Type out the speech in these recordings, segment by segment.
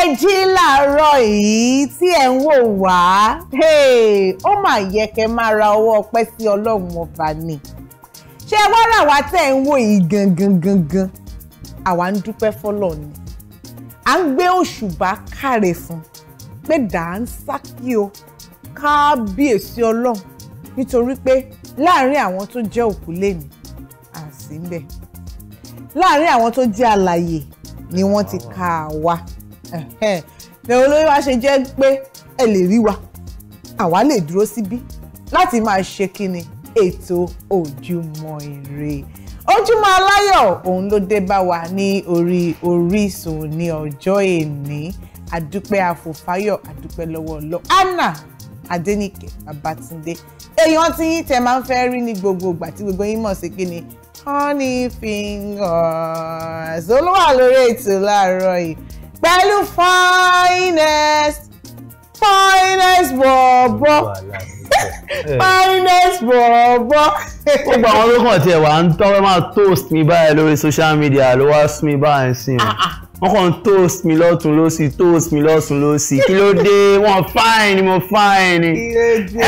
ẹ jí làárọ̀ yìí tí ẹ ń wò wá ó mà yẹ kẹ́ máa ra ọwọ́ ọpẹ́ sí ọlọ́run ọba ni ṣé ẹ wá rà wá tẹ́ ẹ ń wò yìí gangan gangan àwa ń dúpẹ́ fọlọ́ ni à ń gbé òṣùbà káre fún pé dàńsákì o kábíyèsí ọlọ́run nítorí pé láàárín àwọn tó jẹ́ òkú lẹ́nu àsìmbẹ̀ láàárín àwọn tó jẹ́ alàyè ni wọ́n ti kà á Wow. ní olórí wa ṣe jẹ́ pé ẹ lè rí wa àwa lè dúró síbí láti máa ṣe kíni ètò ojúmọ́ ire ojúmọ́ aláyọ̀ òun ló dé bá wa ní orí Orísun ní ọjọ́ èní àdúpẹ́ àfòfáyọ̀ àdúpẹ́ lọ́wọ́ lọ anna Adenike babatunde èèyàn tí yín tẹ máa ń fẹ́ rí ní gbogbo ìgbà tí gbogbo yín mọ̀ sí kí ni honey fingers olúwa lórí ètò láàárọ̀ yìí pẹ̀lú finest finest bọ̀ọ̀bọ̀ eh. finest bọ̀ọ̀bọ̀. ó gba àwọn olókàn tiẹ̀ wá ń tọ́wọ́ máa toast mi báyìí lórí social media ló wá sún mi báyìí sí i ah, ah. wọ́n kàn ń toast mi lọ́tún lọ́sì toast mi lọ́tún lọ́sì kí ló dé wọ́n fine ni mo fine ni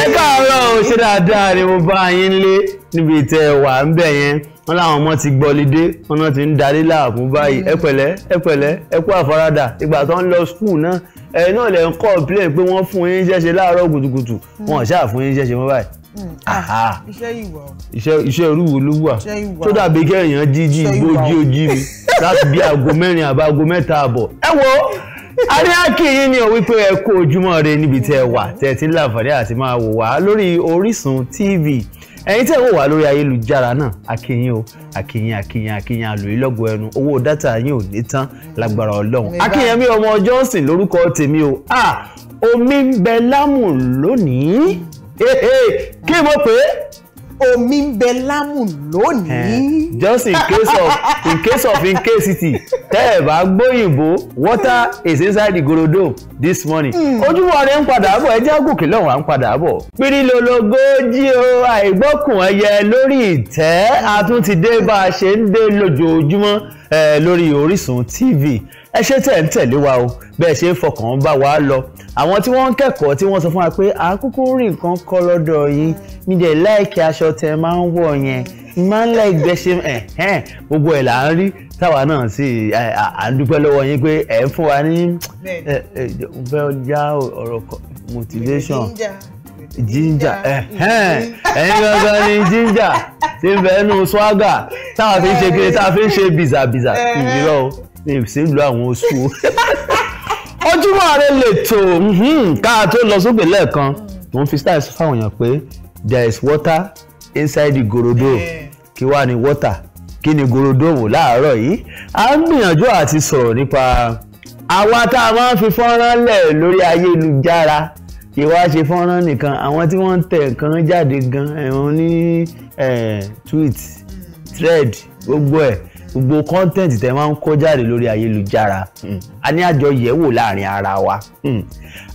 ẹ káàárọ̀ ò ṣe dáadáa ni mo bá yín lé níbi tẹ́ ẹ wà ń bẹ̀ yẹn wọ́n láwọn ọmọ ti gbọ́lidé wọ́n náà ti ń darí láàbù báyìí mm. ẹ pẹ̀lẹ́ ẹ pẹ̀lẹ́ ẹ kú àfaradà ìgbà tó ń lọ skul náà ẹ náà lẹ̀ ń complain pé wọ́n fún yín ṣẹ́ṣe láàárọ̀ kùtùkùtù mm. wọn ò ṣáà fún yín ṣẹ́ṣe mọ́ báyìí. Mm. Ah, ah, ah. iṣẹ́ ìwà iṣẹ́ iṣẹ́ irú wo ló wà tó dàbí kẹ́hìnyàn jíjí igbó jí ojí mi láti bí aago mẹ́rin àbá aago mẹ́ta àbọ̀ ẹ wo aríákì yín ni ò wípé ẹ kú ojúmọ́ re níbi tẹ́ ẹ wà tẹ́ ẹ ti ń láǹfààní àti máa wò wá lórí Orísun TV ẹ̀yin tẹ́ ẹ wò wá lórí ayélujára náà akínyìn o akínyìn akínyìn akínyìn àlòyìnlọ́gbọ̀ ẹnu owó dátà yín ò ní tán lágbára ọlọ́run akínyìn mi ọmọ Johnson lórúkọ tèmi o ah, omi ń bẹ lámù lónìí kí mo pè é omi ń bẹ lámù lónìí. Eh, just in case of in case of in case it tẹ́ ẹ̀ bá gbóyìnbó water is inside the gorodo this morning. Hmm. ojúmọ́ rẹ̀ ń padà bọ̀ ẹjẹ́ àgùnkè lọ́hùn à ń padà bọ̀. pírílólogójì o àìgbọ́kùn ẹyẹ lórí ìtẹ́ a tún ti dé bá a ṣe ń dé lójoojúmọ́ eh, lórí Orísun TV ẹ ṣé tẹ̀ ń tẹ̀lé wa o bẹ́ẹ̀ ṣe ń fọkàn bá wa lọ àwọn tí wọ́n ń kẹ́kọ̀ọ́ tí wọ́n sọ fún wa pé àkókò rí nǹkan kọ́ lọ́dọ̀ yín mi dẹ̀ láìkí aṣọ tẹ̀ máa ń wọ̀ yẹn máa ń lẹ́gbẹ̀ẹ́ ṣe ẹ̀hẹ́n gbogbo ẹ̀ là ń rí táwa náà sì à ń dúpẹ́ lọ́wọ́ yín pé ẹ̀ ń fún wa ní bẹ́ẹ̀ já ọ̀rọ̀ motivation ginger ẹ̀hẹ́n ẹ̀yin gangan ni ginger ti ń bẹ̀ẹ́nu swagger táwa fi ń ṣe kiri táwa fi ń ṣe bìzàbìzà ìrírọ́ ní ìsìlú àwọn oṣù ojúmọ́ rẹ lè tò mhm. ká tó lọ sókè lẹ́ẹ̀kan mo fi style sọ fáwọn èèyàn pé there is water inside the gorodo kí wàá ní water kí ni gorodo wò láàárọ̀ yìí a ń gbìyànjú àti sọ̀rọ̀ nípa àwa tá a máa ń fi fọ́nrán lẹ̀ lórí ayélujára kì wá ṣe fọ́nrán nìkan àwọn tí wọ́n ń tẹ̀ nǹkan jáde gan ẹ̀wọ̀n ní eh, tweet mm. thread gbogbo ẹ̀ gbogbo content tẹ máa ń kó jáde lórí ayélujára hmm. a ní àjọ yẹ̀wò láàrin ara wa hmm.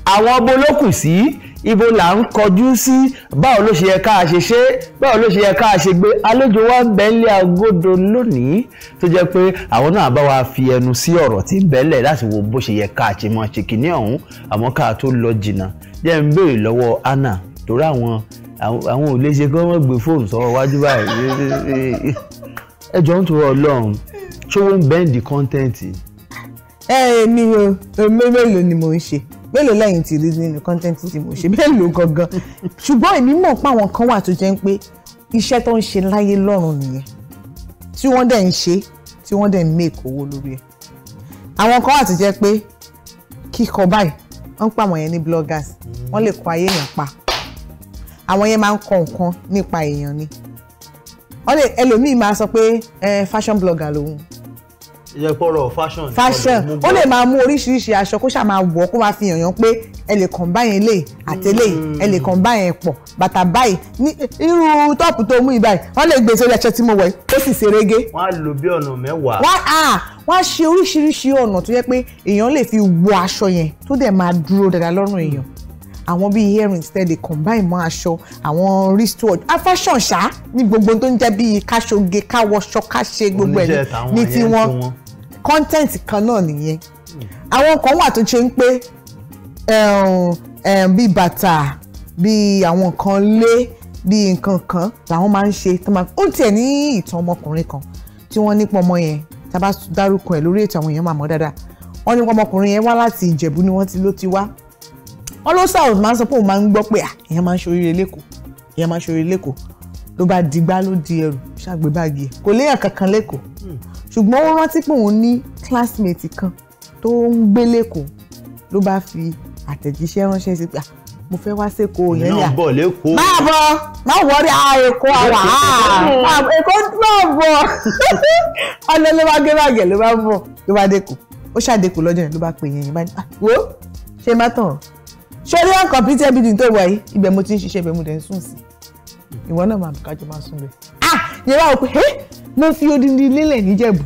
àwọn bolókù sí ibo là ń kọjú sí báwo ló ṣe yẹ ká ṣe ṣe báwo ló ṣe yẹ ká ṣe gbé àlejò wa ń bẹ nílé agodo lónìí tó jẹ́ pé àwọn náà bá wa fi ẹnu sí ọ̀rọ̀ tí ń bẹ́lẹ̀ láti wo bó ṣe yẹ ká ṣe máa ṣe kìíní ọ̀hún àmọ́ ká tó lọ jìnnà jẹ́ ń béèrè lọ́wọ́ Anna torí àwọn àwọn ò lè ṣe kí wọ́n gbé fóònù sọ́wọ́ wájú báyìí ẹ jọ ń tọrọ Ọlọ́run ṣé wọ́n ń bẹ́ǹdì kọ́ńtẹ́ǹtì. ẹ èmi o mélòó ni mo ń ṣe mélòó lẹ́yìn tí rí nínú kọ́ńtẹ́ǹtì tí mo ṣe mélòó gangan ṣùgbọ́n èmi mọ̀ pé àwọn kan wà tó jẹ́ pé iṣẹ́ tó ń ṣe láyé lọ́run nìyẹn tí wọ́n dẹ̀ ń ṣe tí wọ́n dẹ̀ ń make owó lórí ẹ̀ àwọn kan wà tó jẹ́ pé kíkọ báyìí wọ́n ń pa àwọn yẹn ní bloggers wọ́n lè kọ ayé èèyàn pa àwọn yẹn máa ń kọ nǹkan nípa èèyàn ni. Mm -hmm ọ̀lẹ́ ẹlòmíì máa sọ pé fashion blogger lòun yẹ pọ̀rọ̀ fashion. fashion ó lè máa mú oríṣiríṣi aṣọ kó ṣáà máa wọ̀ kó máa fi hàn yàn pé ẹ lè kàn báyẹn lè àtẹlẹ ẹ lè kàn báyẹn pọ̀ bàtà báyìí ní irú tọ́ọ̀pù tó mú ibà yìí wọ́n lè gbèsè lẹ́sẹ̀ tí mo wọ̀ yìí ó sì ṣe rege. wọ́n á lò bí ọ̀nà mẹ́wàá. wọ́n á ṣe oríṣiríṣi ọ̀nà tó yẹ pé èèyàn lè fi wọ aṣọ yẹn tó dẹ̀ máa dúró dáadáa lọ́rùn èèyàn àwọn bíi earrings tẹ́ lè combine mọ́ aṣọ àwọn wristwatch afashion ṣá ní gbogbo tó ń jẹ́ bíi káṣoge káwọṣọ káṣe gbogbo ẹ̀ ní tiwọn content kan náà nìyẹn hmm. àwọn kan wà tó ṣe ń pé bíi bàtà bíi àwọn kan lé bíi nǹkan kan làwọn máa ń ṣe ó tiẹ̀ ní ìtàn ọmọkùnrin kan tí wọ́n nípa ọmọ yẹn tá a bá dárúkọ ẹ̀ lórí ètò àwọn èèyàn máa mọ̀ dáadáa wọ́n nípa ọmọkùnrin yẹn wá láti ìjẹ̀bú ni wọ́n ti ló ti wá ọlọ́sà ò máa ń sọ pé òun máa ń gbọ́ pé ìyẹn máa ń ṣoríire lẹ́kọ̀ọ́ ìyẹn máa ń ṣoríire lẹ́kọ̀ọ́ ló bá digbá ló di ẹrù ṣàgbé báàgì ẹ̀ kò léèyàn kankan lẹ́kọ̀ọ́ hmm. ṣùgbọ́n ó rántí pé òun ní classmate kan tó ń gbé lẹ́kọ̀ọ́ ló bá fi àtẹ̀jíṣẹ́ ránṣẹ́ sí pé mo fẹ́ wá sẹ́kọ̀ọ́ yẹn ní à máa bọ̀ máa wọrí èkó àwà èkó náà bọ̀ ọ̀nà ló bá gé báàgì ẹ̀ ló bá bọ̀ ló bá dẹ́kọ̀ọ́ ó ṣàdẹ́kọ̀ọ́ lọ́jọ́ yẹn ló bá pè yẹn yẹn bá ní à wò ó ṣe má tàn sórí uncompleted building tó wà yìí ibẹ̀ mo ti ń ṣiṣẹ́ ibẹ̀ mo dẹ̀ ń sùn sí ìwọ náà máa kájọ máa sùn bẹ̀ ah yẹn wá o pé mo fi odindi lélẹ̀ níjẹ̀bù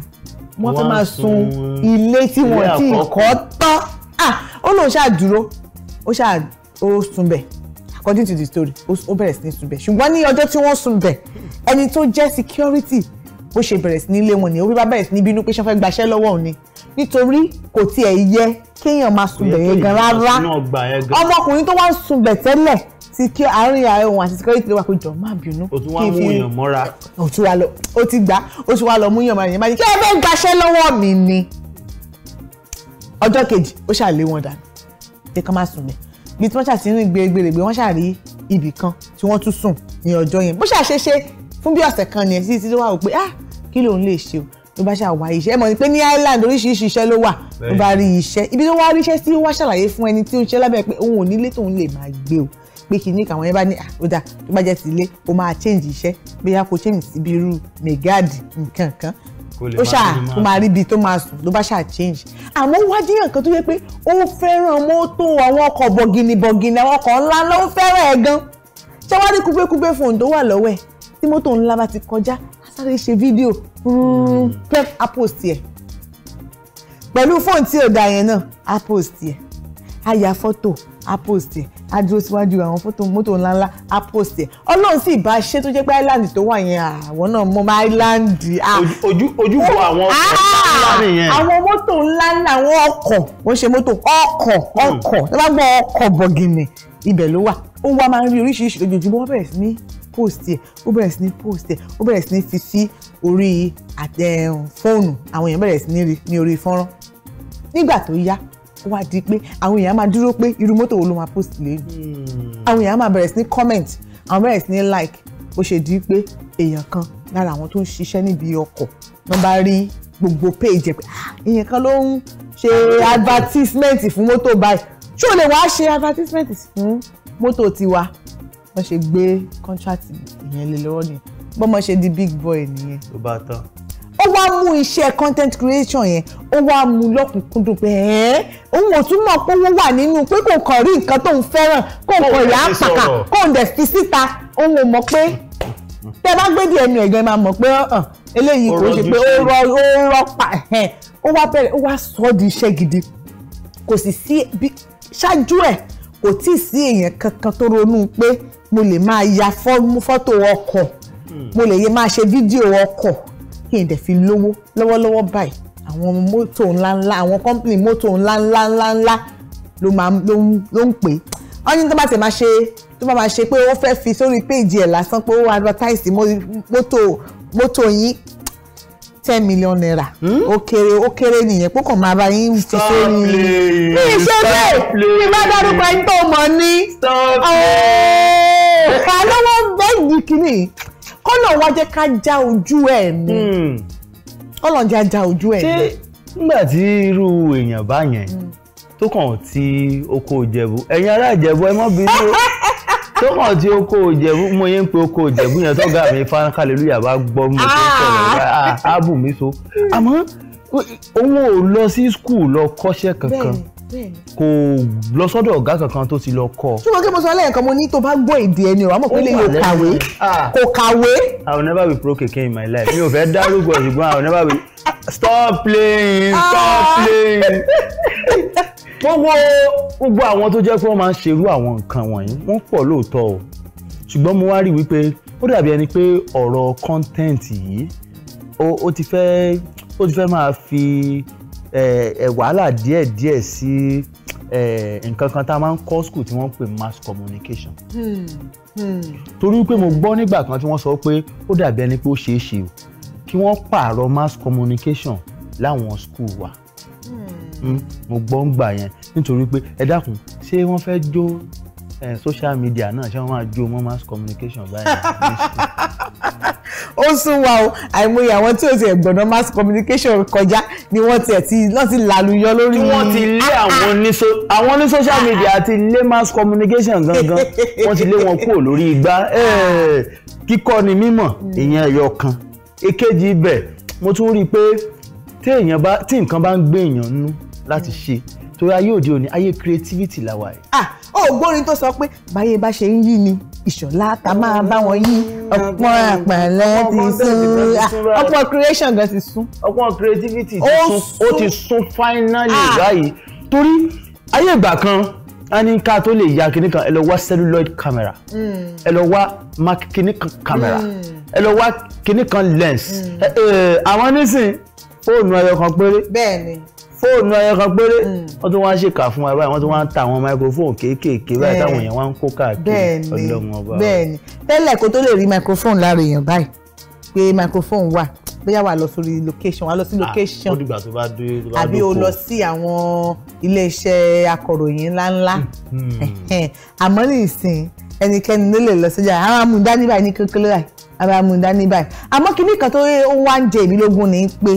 wọ́n fẹ́ máa sun ilé tí wọ́n ti kọ́ tán ah ó lóun ṣáà dúró ó ṣáà ó sùn bẹ̀ according to the story ó bẹ̀rẹ̀ sí ní sùn bẹ̀ ṣùgbọ́n ní ọjọ́ tí wọ́n sùn bẹ̀ ẹni tó jẹ́ security bó ṣe bẹ̀rẹ̀ sí ní ilé wọn ni orí bá bẹ̀rẹ̀ sí ní bínú pé ṣe fẹ́ gbaṣẹ́ lọ́wọ́ òun ni nítorí kò tiẹ̀ yẹ kéèyàn máa sunbẹ̀ yẹn gan rárá ọmọkùnrin tó wá ń sunbẹ̀ tẹ́lẹ̀ ti kí àárín ààrẹ òun àti security ló wà pé jọ má bínú. o tún wá mú yàn mọ́ra. o tún wá lọ o ti gbà o tún wá lọ mú yàn mọ́ra yẹn má ní kí ẹ fẹ́ gbaṣẹ́ lọ́wọ́ mi ni. ọjọ́ kejì ó ṣàlè wọn dànù pé kán má sùn lẹ̀ bí tí wọ́n ṣàti rìn gbèrègbèrègbè wọ́n ṣàrí ibì kan tí wọ́n tún sùn ní ọjọ́ yẹn bó ṣàṣeṣe fún bí ọ̀sẹ̀ kan nìyẹn títí tó wà wò pé ah kí lòun lè ṣe o ló bá ṣàwá iṣẹ́ ẹ mọ̀ ní pé ní Ireland oríṣiríṣi iṣẹ́ ló wà ló bá rí iṣẹ́ ibi tó wá ríṣẹ́ sí wá ṣàlàyé fún ẹni tí ó ṣe lábẹ́ pé òun ò nílé tóun lè máa gbé o pé kìíní kàwọn yẹn bá ní àkódà tó bá jẹ́ sí ilé o máa change iṣẹ́ bóyá kò change síbi irú megadi nǹkan kan ó ṣáà kó máa rí ibi tó máa sùn ló bá ṣáà change àmọ́ wájú yàn kan tó yẹ pé ó fẹ́ràn mọ́tò àwọn ọkọ̀ bọ̀gìnì bọ̀gìnì àwọn ọkọ̀ ńlá ńlá ó fẹ́ràn ẹ̀ gan ṣé wá ní kúgbékúgbé fóun tó wà lọ́wọ́ ẹ̀ tí mọ́tò ńlá bá ti kọjá sáré ṣe fídíò hmm, pep a post yẹ pẹ̀lú fóònù tí ò da yẹn náà a post yẹ a ya fọ́tò a post yẹ a dúró síwájú àwọn fọ́tò mọ́tò ńláńlá a post yẹ ọlọ́run sì bá ṣe tó jẹ́ pé island tó wà yẹn ah, àwọn náà mọ́ mọ́ island. Ah. ojú ojú bọ àwọn ah, ọkọ̀ ńlá nìyẹn. àwọn mọ́tò ńláńlá àwọn ọkọ̀ wọ́n ṣe mọ́tò ọkọ̀ hmm. ọkọ̀ tó bá gbọ́ ọkọ̀ bọ̀gìnì ibẹ̀ ló wà ó wá máa ń rí oríṣiríṣi lójoojúmọ́ bẹ̀rẹ̀ sí ní post ẹ̀ ó bẹ̀rẹ̀ sí ní post ẹ̀ ó bẹ̀rẹ̀ sí ní fi sí orí eh, fóònù àwọn èèyàn bẹ̀rẹ̀ sí ní rí ní orí fọ́nrán nígbà tó yá ó wá di pé àwọn èèyàn máa dúró pé irú mọ́tò wo ló máa post lẹ́yìn hmm. àwọn èèyàn máa bẹ̀rẹ̀ sí ní comment àwọn bẹ̀rẹ̀ sí ní like bó ṣe di pé èèyàn kan lára àwọn tó ń ṣiṣẹ́ níbi ọkọ̀ ló bá rí gbogbo page ẹ̀ pé èèyàn ah, kan ló ń ṣe advertisement fún mọ́tò báyìí ṣé o lè wá ṣe advertisement fún mọ́tò tiwa wọ́n ṣe gbé contract yẹn lé lọ́wọ́ nìyẹn bọ́mọ ṣe di big boy nìyẹn. tó bá tán. ó wá mú iṣẹ́ content creation yẹn ó wá mú lọ́kùnkúndùn pé ẹ́ òun ò tún mọ̀ pé wọ́n wà nínú pé kò kàn rí nǹkan tó ń fẹ́ràn kò kàn yà á pàkà kò ń dẹ̀ fi síta òun ò mọ̀ pé tẹ bá gbé díẹ̀ nu ẹ̀gbẹ́ máa mọ̀ pé eléyìí kò ṣe pé ó rọ ó rọ pa ó wá bẹ̀rẹ̀ ó wá sọ di iṣẹ́ gidi kò sì sí ṣáájú ẹ̀ kò tí ì sí èèyàn kankan tó ronú pé mo lè máa ya fọ́tò ọkọ̀ hmm. mo lè máa ṣe fídíò ọkọ̀ kí n dẹ̀ fi lówó lọ́wọ́lọ́wọ́ báyìí àwọn mọ́tò ńláńlá àwọn kọ́mpìnì mọ́tò ńláńláńláńlá ló máa ló ń pè é wọ́n ní tó bá ti máa ṣe tó bá máa ṣe pé ó fẹ́ fi sórí péèjì ẹ̀ lásán pé ó advertise mọ́tò mọ́tò yín ten million naira hmm? ó kéré ó kéré nìyẹn pé kàn máa bá yín fi sórí mi ìṣe bẹ́ẹ̀ ìbá dárúkọ yín tó mọ̀ ní ká lọ́wọ́ bẹ́ẹ̀ yìí kìíní kọ́nà wa jẹ́ ká já ojú ẹ̀ mi hmm. kọ́nà jẹ́ já ojú ẹ̀ mi. ṣé nígbà tí irú èèyàn bá yẹn hmm. tó kàn tí oko ìjẹ̀bú ẹ̀yin ará ìjẹ̀bú ẹ mọ́ bínú tó kàn tí oko ìjẹ̀bú mo yẹn ń pe oko ìjẹ̀bú yẹn tó ga mi fáńkálẹ́lúyà bá gbọ́ mi tó sọ̀rọ̀ ah. á bù mí so àmọ́ òun ò lọ sí skul lọ kọ́ṣẹ́ kankan kò lọ sọ́dọ̀ ọ̀gá kankan tó ti lọ kọ́. ṣùgbọ́n kí mo sọ lẹ́yìn mo ní tó bá gbọ́ èdè ẹni ọ̀rọ̀ àmọ́ pé lè yóò kàwé ah. kò kàwé. I will never be broke again in my life mi ò fẹ́ dárúgbọ̀ ṣùgbọ́n I will never be stop playing ah. stop playing. gbogbo gbogbo àwọn tó jẹ́ pé wọ́n máa ń ṣerú àwọn nǹkan wọ̀nyí wọ́n pọ̀ lóòótọ́ o ṣùgbọ́n mo wá rí wípé ó dàbí ẹni pé ọ̀rọ̀ kọ́ńtẹ́ǹtì yìí ó ti fẹ́ máa fi wàhálà díẹ̀ díẹ̀ sí nǹkan kan tá a máa ń kọ́ school tí wọ́n ń pè mass communication. Hmm, hmm. torí pé mo gbọ́ nígbà kan tí wọ́n sọ pé ó dàbí ẹni pé ó ṣeé ṣe o kí wọ́n pààrọ̀ mass communication láwọn school wa hmm. mo gbọ́ ń gbà yẹn nítorí pé ẹ dákun ṣé wọ́n fẹ́ jó social media náà ṣé wọ́n máa jó mọ́ mass communication báyìí ní school ó sún wa o àìmọye àwọn tí ò ti ẹ̀gbọ̀nà mass communication kọjá ni wọ́n ti ẹ̀ ti lọ́ọ́ ti làlùyọ lórí. tí wọ́n ti lé ah, ah. àwọn ní àwọn ní social ah, media àti lé mass communication gangan wọ́n ti lé wọn kúrò lórí igbá kíkọ́ ni mímọ̀ ìyẹn ẹ̀yọ kan èkejì ibẹ̀ mo tún rí i pé tí nǹkan bá ń gbé èèyàn nú láti ṣe torí ayé òde òní ayé creativity la wà yìí. ah ògbórin tó sọ pé báyé bá ṣe ń yí ni ìṣọ̀lá ta máa bá wọn yí ọ̀pọ̀ àpẹ̀lẹ́ ti sún ah, ọ̀pọ̀ creation gan ti sún. ọ̀pọ̀ creativity ti sún ó ti sún finally ah. báyìí torí ayé ìgbà kan a ní ká tó lè ya kinní kan ẹ lọ wá celluloid camera hmm. ẹ lọ wá mark kinní kan camera hmm. ẹ lọ wá kinní kan lens hmm. eh, eh, àwọn nísìn fóònù ẹyọ kan péré. bẹ́ẹ̀ni fóònù ẹyọ kan péré mm. wọ́n tún wá ń ṣèkà fún wa báyìí wọ́n tún wá ń ta àwọn microphone kéékèèké báyìí táwọn èèyàn wá ń kó káàkiri ọlọ́run ọba. bẹ́ẹ̀ni tẹ́lẹ̀ kó tó lè rí microphone lára èèyàn báyìí pé microphone wà bóyá wà lọ sórí location wà lọ sí ah, location àbí o lọ sí àwọn iléeṣẹ́ akọ̀ròyìn ńláńlá hmm, hmm. àmọ́ nísìn ẹnikẹ́ni ló lè lọ sọ́jà àwọn amúdání báyìí ní kékeré báyìí àwọn amúdání báyìí àmọ́ kíní kan tó wá ń jẹ ìbílógún ni pé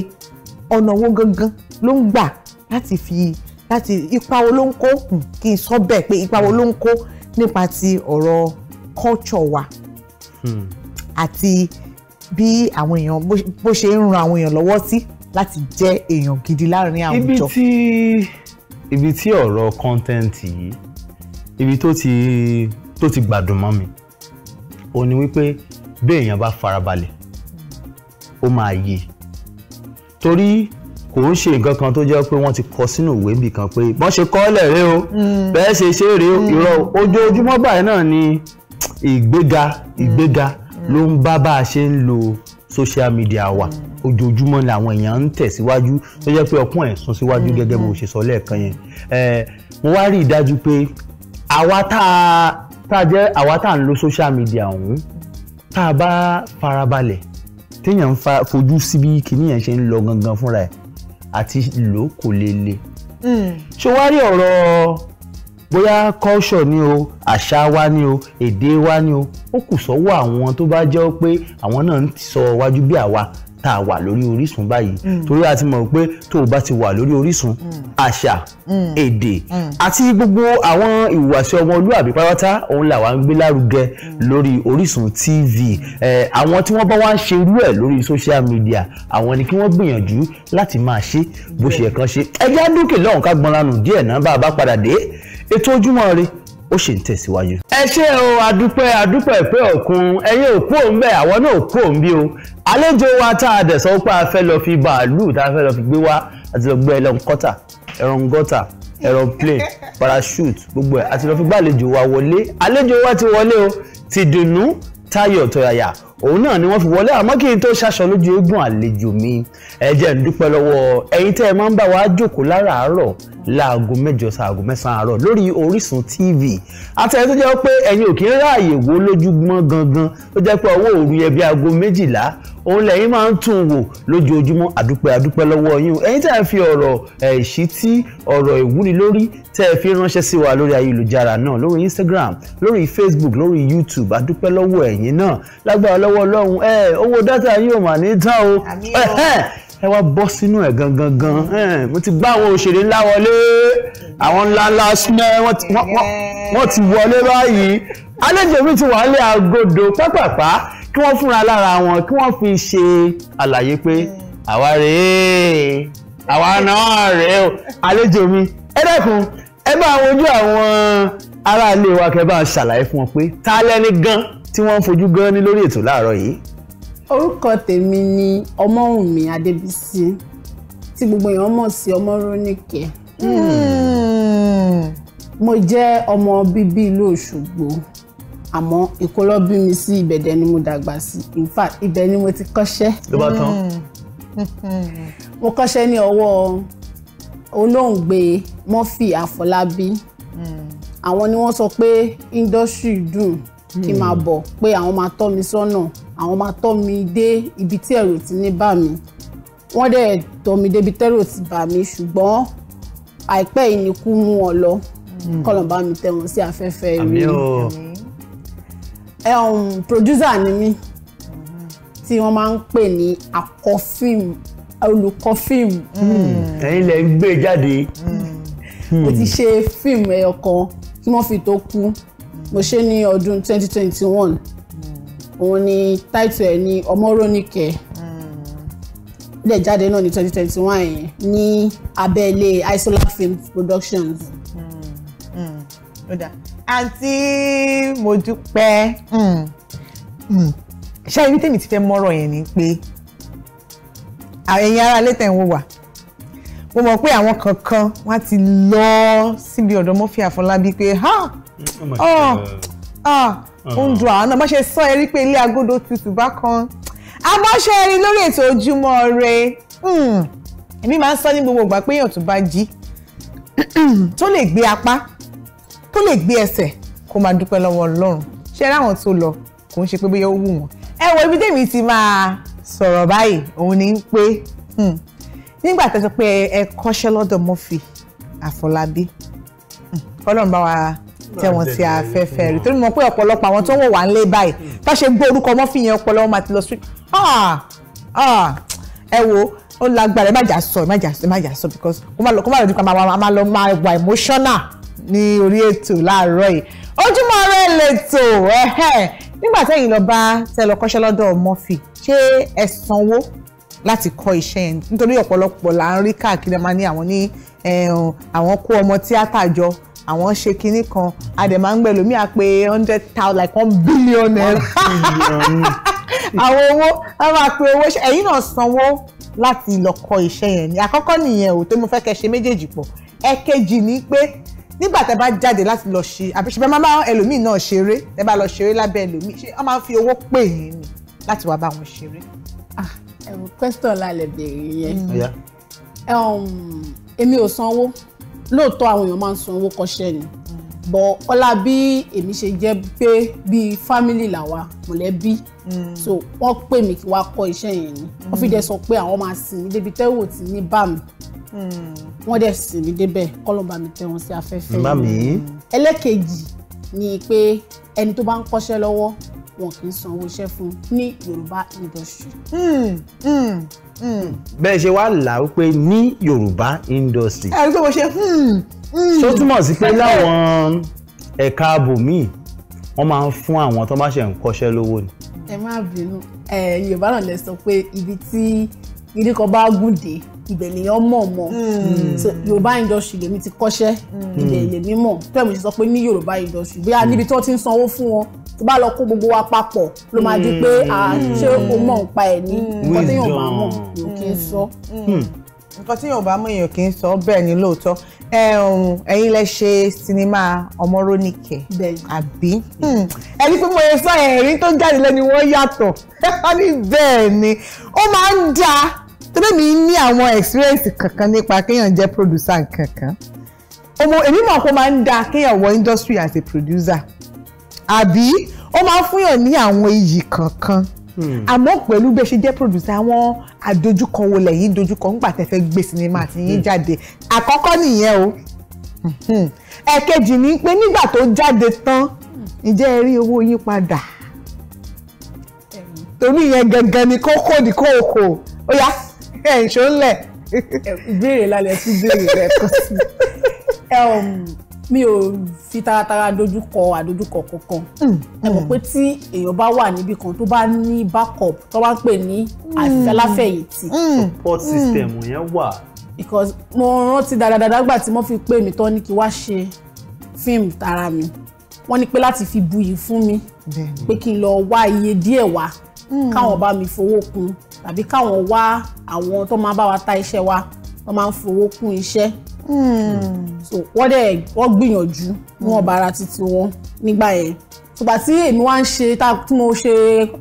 ọ̀nà wo gangan ló ń gbà láti fi láti ipa wo ló ń kó hmm, kí n sọ bẹ́ẹ̀ pé ipa wo ló ń kó nípa ti ọ̀rọ̀ culture wa hmm. àti bí àwọn èèyàn bó ṣe ń ran àwọn èèyàn lọ́wọ́ sí láti jẹ́ èèyàn gidi láàrin àwùjọ. ibi tí ibi tí ọ̀rọ̀ content yìí ibi tó ti tó ti gbádùn mọ́ mi ò ní wípé bí èèyàn bá farabalẹ̀ ó máa yé e torí kò ń ṣe nǹkan kan tó jẹ́ pé wọ́n ti kọ sínú ìwé bì kan pé bọ́n ṣe kọ́ lẹ̀ o hmm. bẹ́ẹ̀ ṣe ṣe rè o hmm. irọ́ ojoojúmọ́ báyìí náà ni ìgbéga hmm. ìgbéga ló ń bá bá a ṣe ń lo social media wa ojoojúmọ́ ni àwọn èèyàn ń tẹ̀síwájú tó jẹ́ pé ọkùn ẹ̀ sún síwájú gẹ́gẹ́ bó ṣe sọ lẹ́ẹ̀kan yẹn mo wá rí i dájú pé àwa tá a jẹ́ àwa tá a ń lo social media ọ̀hún tá a bá farabalẹ̀ téèyàn ń fa fojú sí bí kìnìyàn ṣe ń lọ gangan fúnra ẹ̀ àti lò kò lè le. Hmm. ṣé wàá rí ọ̀rọ̀ bóyá culture ni o àṣà wa ni o èdè wa ni o ó kù sọ́wọ́ àwọn tó bá jẹ́ pé àwọn náà ń sọ wájú bí àwa tá a wà lórí orísun báyìí mm. torí a ti mọ̀ pé tó o bá ti wà lórí orísun mm. àṣà mm. èdè àti gbogbo àwọn ìhùwàsí ọmọlúàbí pátá òun làwa ń gbé lárugẹ lórí orísun tv àwọn tí wọ́n bá wá ń ṣe irú ẹ̀ lórí social media àwọn ni kí wọ́n gbìyànjú láti máa ṣe bó ṣe ẹ̀kan ṣe ẹjẹ́ á dókè lọ́hùn ká gbọ́n lánàá díẹ̀ náà bá a bá padà dé ètò ojúmọ́ rẹ̀ ó ṣì ń tẹ̀síwájú. ẹ ṣé o adúpẹ́ adúpẹ́ pé ọ̀kun ẹ̀yin ò kú òun bẹ́ẹ̀ àwọn náà kú òun bí o àlejò wa tá a dẹ̀ sọ pé a fẹ́ lọ fi bàálù tá a fẹ́ lọ fi gbé wá àti lọ gbé ẹlẹ́n kọ́tà ẹran gọ́tà ẹran plane parachute gbogbo ẹ̀ àti lọ fi gbàlejò wa wọlé àlejò wa ti wọlé o ti dùnnú táyọ̀ tọ̀yàyà òun náà ni wọ́n fi wọlé àmọ́ kí n tó ṣaṣọ lójú eégún àlejò mi ẹ jẹ́ ń dúpẹ́ lọ́wọ́ ẹ̀yin tẹ́ ẹ máa ń bá wa jókòó láràárọ̀ láago mẹ́jọ sáago mẹ́sàn-án àárọ̀ lórí Orísun TV àtẹ̀yẹ tó jẹ́ pé ẹ̀yin ò kí ń ráàyè wò lójúmọ́ gangan tó jẹ́ pé ọwọ́ òru yẹ bí aago méjìlá òun lẹ́yìn máa ń tún wò lójoojúmọ́ àdúpẹ́ àdúpẹ́ lọ́wọ́ yín ẹ̀yin tẹ́ ẹ fi ọ̀rọ̀ ìṣítí ọ̀rọ̀ ìwúni lórí tẹ́ ẹ fi ránṣẹ́ sí wa lórí ayélujára náà lórí Instagram lórí Facebook lórí YouTube àdúpẹ́ lọ́wọ́ ẹ̀yin náà lágbára lọ́wọ́ Ọlọ́run ẹ owó dátà yín ò mà ní tán o ẹ wá bọ́ sínú ẹ̀ gangan gan mo ti gbá àwọn òṣèré ńlá wọlé àwọn ńlá ńlá súnmọ́ wọ́n ti wọlé báyìí àlejò mi ti wà ń lé agodo pápápá kí wọ́n fúnra lára wọn kí wọ́n fi ṣe àlàyé pé àwa rèé àwa náà rèé o àlejò mi ẹ dẹ́kun ẹ bá wojú àwọn aráalé wa kẹ́ bá ṣàlàyé fún wọn pé ta lẹ́ni gan tí wọ́n ń fojú gan ní lórí ètò láàárọ̀ yìí. orúkọ tèmi ni ọmọwùnmí adébísí tí gbogbo èèyàn mọ̀ sí ọmọ hmm. mo jẹ́ ọmọ bíbí ìlú òṣogbo àmọ́ Èkó ló bí mi sí ibẹ̀ dẹ̀ ni mo dàgbà sí in fact ibẹ̀ ni mo ti kọ́ṣẹ́. ló bá tán. Hmm. mo kọ́ṣẹ́ ní ọwọ́ olóògbé Murphy Àfọlábí hmm. àwọn ni wọ́n sọ pé industry dùn kí n máa hmm. bọ̀ pé àwọn máa tọ́ mi sọ́nà àwọn máa tọ́ mi dé ibi tí ẹ̀rù ti ní bà mí wọ́n dẹ̀ tọ́ mi débi tẹ́rù ti bà mí ṣùgbọ́n àìpẹ́ yìí ni kú mú wọn lọ kọ́lọ̀ bá mi tẹ̀ wọ́n sí afẹ́fẹ́ rí. àmì o um, producer ni mí tí wọ́n máa ń pè ní akọ́fíìmù olùkọ́ fíìmù. Hmm. ẹ̀yin lẹ ń gbé e jáde. Hmm. mo ti hmm. ṣe fíìmù ẹyọ kan tí wọ́n fi tó kú mo ṣe ní ọdún 2021 òun ni táìtù ẹ̀ ní ọmọrónìkẹ́ ilé jáde náà ní 2021 yẹn ní abẹ́lé isola films productions àǹtí Modúpẹ́ hmm. hmm. ṣé ibi tèmi ti fẹ́ mọ́rọ̀ yẹn ni pé ẹ̀yin ará létẹ̀ ń wò wá mo mọ̀ pé àwọn kankan wọ́n ti lọ síbi ọ̀dọ̀ Murphy Àfọlábí pé ah! Ah! ó ń ah. dùn àwọn náà bá ṣe sọ ẹ rí pé ilé agodo tutù bákan abọ́ṣẹ́ ẹni lórí ètò ojúmọ́ re hmm. èmi máa ń sọ ní gbogbo ìgbà pé èèyàn tó bá jí tó lè gbé apá kó lè gbé ẹsẹ̀ kó máa dúpẹ́ lọ́wọ́ ọlọ́run ṣé láwọn tó lọ kò ń ṣe pé bóyá ó wù wọ́n ẹ wo ibi tèmi ti máa sọ̀rọ̀ báyìí òun ni pé hmm, nígbà tó sọ pé ẹ kọ́ṣẹ́ lọ́dọ̀ Murphy Àfọlábí hmm, ọlọ́run bá wa tẹ wọn ti afẹ́fẹ́ rẹ̀ torí mo pé ọ̀pọ̀lọpọ̀ àwọn tó ń wò wá nílé báyìí bá ṣe gbọ́ orúkọ Murphy yẹn ọpọlọ wọn máa ti lọ sí ah! Ah! ẹ wo ó lágbára ẹ má jà sọ ẹ má jà sọ because kó má lọ kó má lọ dípa máa wà máa lọ máa wà emotional ní orí ètò láàárọ̀ yìí ojúmọ́ ire lẹ́tọ̀ nígbà tẹ́yìn lọ bá tẹ́lọ kọ́ṣẹ́ lọ́dọ̀ Murphy ṣé ẹ sanwó láti kọ́ iṣẹ́ yẹn nítorí ọ̀pọ̀lọpọ̀ là ń rí káàkiri máa ní àwọn ní àwọn kó ọmọ tíátà jọ àwọn ṣe kinní kan àdèmá ń gbẹ̀lú mí à pé hundred thousand like one billion naira àwọn owó a máa pe owó ẹ̀yin náà sanwó láti lọ kọ́ iṣẹ́ yẹn ni àkọ́kọ́ nìyẹn ò tó mo fẹ́ kẹ́ ṣe méjèèjì pọ̀ ẹ̀kejì ni pé nígbà tẹ bá jáde láti lọ ṣe àbí ṣe bẹ́ẹ̀ máa ẹlòmíì náà ṣeré tẹ bá lọ ṣeré lábẹ́ ẹlòmíì ṣé wọ́n máa fi owó pè yín ni láti wá bá wọn ṣeré. Ah, ẹ̀wọ̀n question lálẹ́ bèrè yẹn mm. um, èmi ò sanwó lóòótọ́ àwọn èèyàn máa ń sanwó kọ́ṣẹ́ ni mm. bọ̀ ọlá bí èmi ṣe jẹ́ pé bíi family làwa mọ̀lẹ́bí mm. so wọ́n pè mí kí wá kọ́ iṣẹ́ yẹn ni wọ́n fi dẹ́ sọ pé àwọn máa sìn mí débi tẹ́wò tí ní bá mi wọ́n dẹ̀ sì mí débẹ̀ kọ́lọ́ba mi tẹ́ wọn sí afẹ́fẹ́. mami. ẹlẹ́kejì ni pé ẹni tó bá ń kọ́ṣẹ́ lọ́wọ́ wọn kì í san owó iṣẹ́ fún ní yorùbá industry. Hmm, hmm, hmm. bẹ́ẹ̀ ṣe wá là ó pé ní yorùbá industry. ẹ̀rí pé mo ṣe. tó túmọ̀ sí pé láwọn ẹ̀ka abòmíì wọ́n máa ń fún àwọn tó bá ṣe ń kọ́ṣẹ́ lówó ni. ẹ má bínú yorùbá náà lè sọ pé ibi tí ìdíkọ̀ bá gùn dé ibẹ̀ lèèyàn mọ̀ mọ́ hmm. yorùbá industry lèmi ti kọ́ṣẹ́ hmm. ibẹ̀ lèmi mọ̀ tó ẹ̀ mo ti sọ pé ní yorùbá industry bóyá hmm. níbi tó ti ń sanwó fún wọn tó bá lọ kó gbogbo wa papọ̀ ló máa di pé ṣé o mọ̀ nípa ẹ̀ ní nǹkan téèyàn bá mọ̀ yóò kí n sọ. nǹkan téèyàn bá mọ̀ èèyàn kì í sọ bẹ́ẹ̀ ni lóòótọ́ ẹ̀yin lẹ ṣe sinimá ọmọrónìkẹ́ àbí ẹni pé mo yẹ sọ ẹ̀rín tó jáde lẹ́nu wọn yàtọ̀ wọ́n ní bẹ́ẹ̀ ni ó máa ń dáa tẹ́lẹ̀ mi ní àwọn experience kankan nípa kéèyàn jẹ́ producer kankan Omo èmi mọ̀ kó máa ń da kéèyàn wọ industry as a producer àbí ó máa ń fúnyàn ní àwọn iyì kankan hmm. àmọ́ pẹ̀lú bí ẹ ṣe jẹ́ producer àwọn àdojúkọ wo lẹ́yìn dojúkọ ńgbà tẹ́ fẹ́ gbé sinimá àti yín hmm. jáde àkọ́kọ́ nìyẹn o hmm. ẹ̀kejì ni pé nígbà tó jáde tán ǹjẹ́ ẹ rí owó yín padà torí ìyẹn gangan ni kókó ní kókó ó yá ẹ̀ ń ṣọlẹ̀. ìbéèrè lálẹ́ tún béèrè rẹ̀ kan sí mi ò fi taratara dojúkọ àdojúkọ kankan hmm, ẹ mọ̀ hmm. pé tí èèyàn bá wà níbì kan tó bá ní backup tó bá ń pè ní àfẹ́láfẹ̀yìntì. Hmm. support system yẹn wà. because mo rántí dáadáa gbà tí wọ́n fi pè mí tán ní kí wá ṣe fíìmù tara mi wọ́n ní pé láti fi buyì fún mi pé kí n lọ wá iye díẹ̀ wá káwọn bá mi fowó kún tàbí káwọn wá àwọn tó máa bá wa ta iṣẹ́ wa tó máa ń fowó kún iṣẹ́ hmm. so wọ́n dẹ̀ wọ́n gbìyànjú wọn hmm. bára títí wọn nígbà yẹn ṣùgbọ́n tí èmi wá ń ṣe tí mo ṣe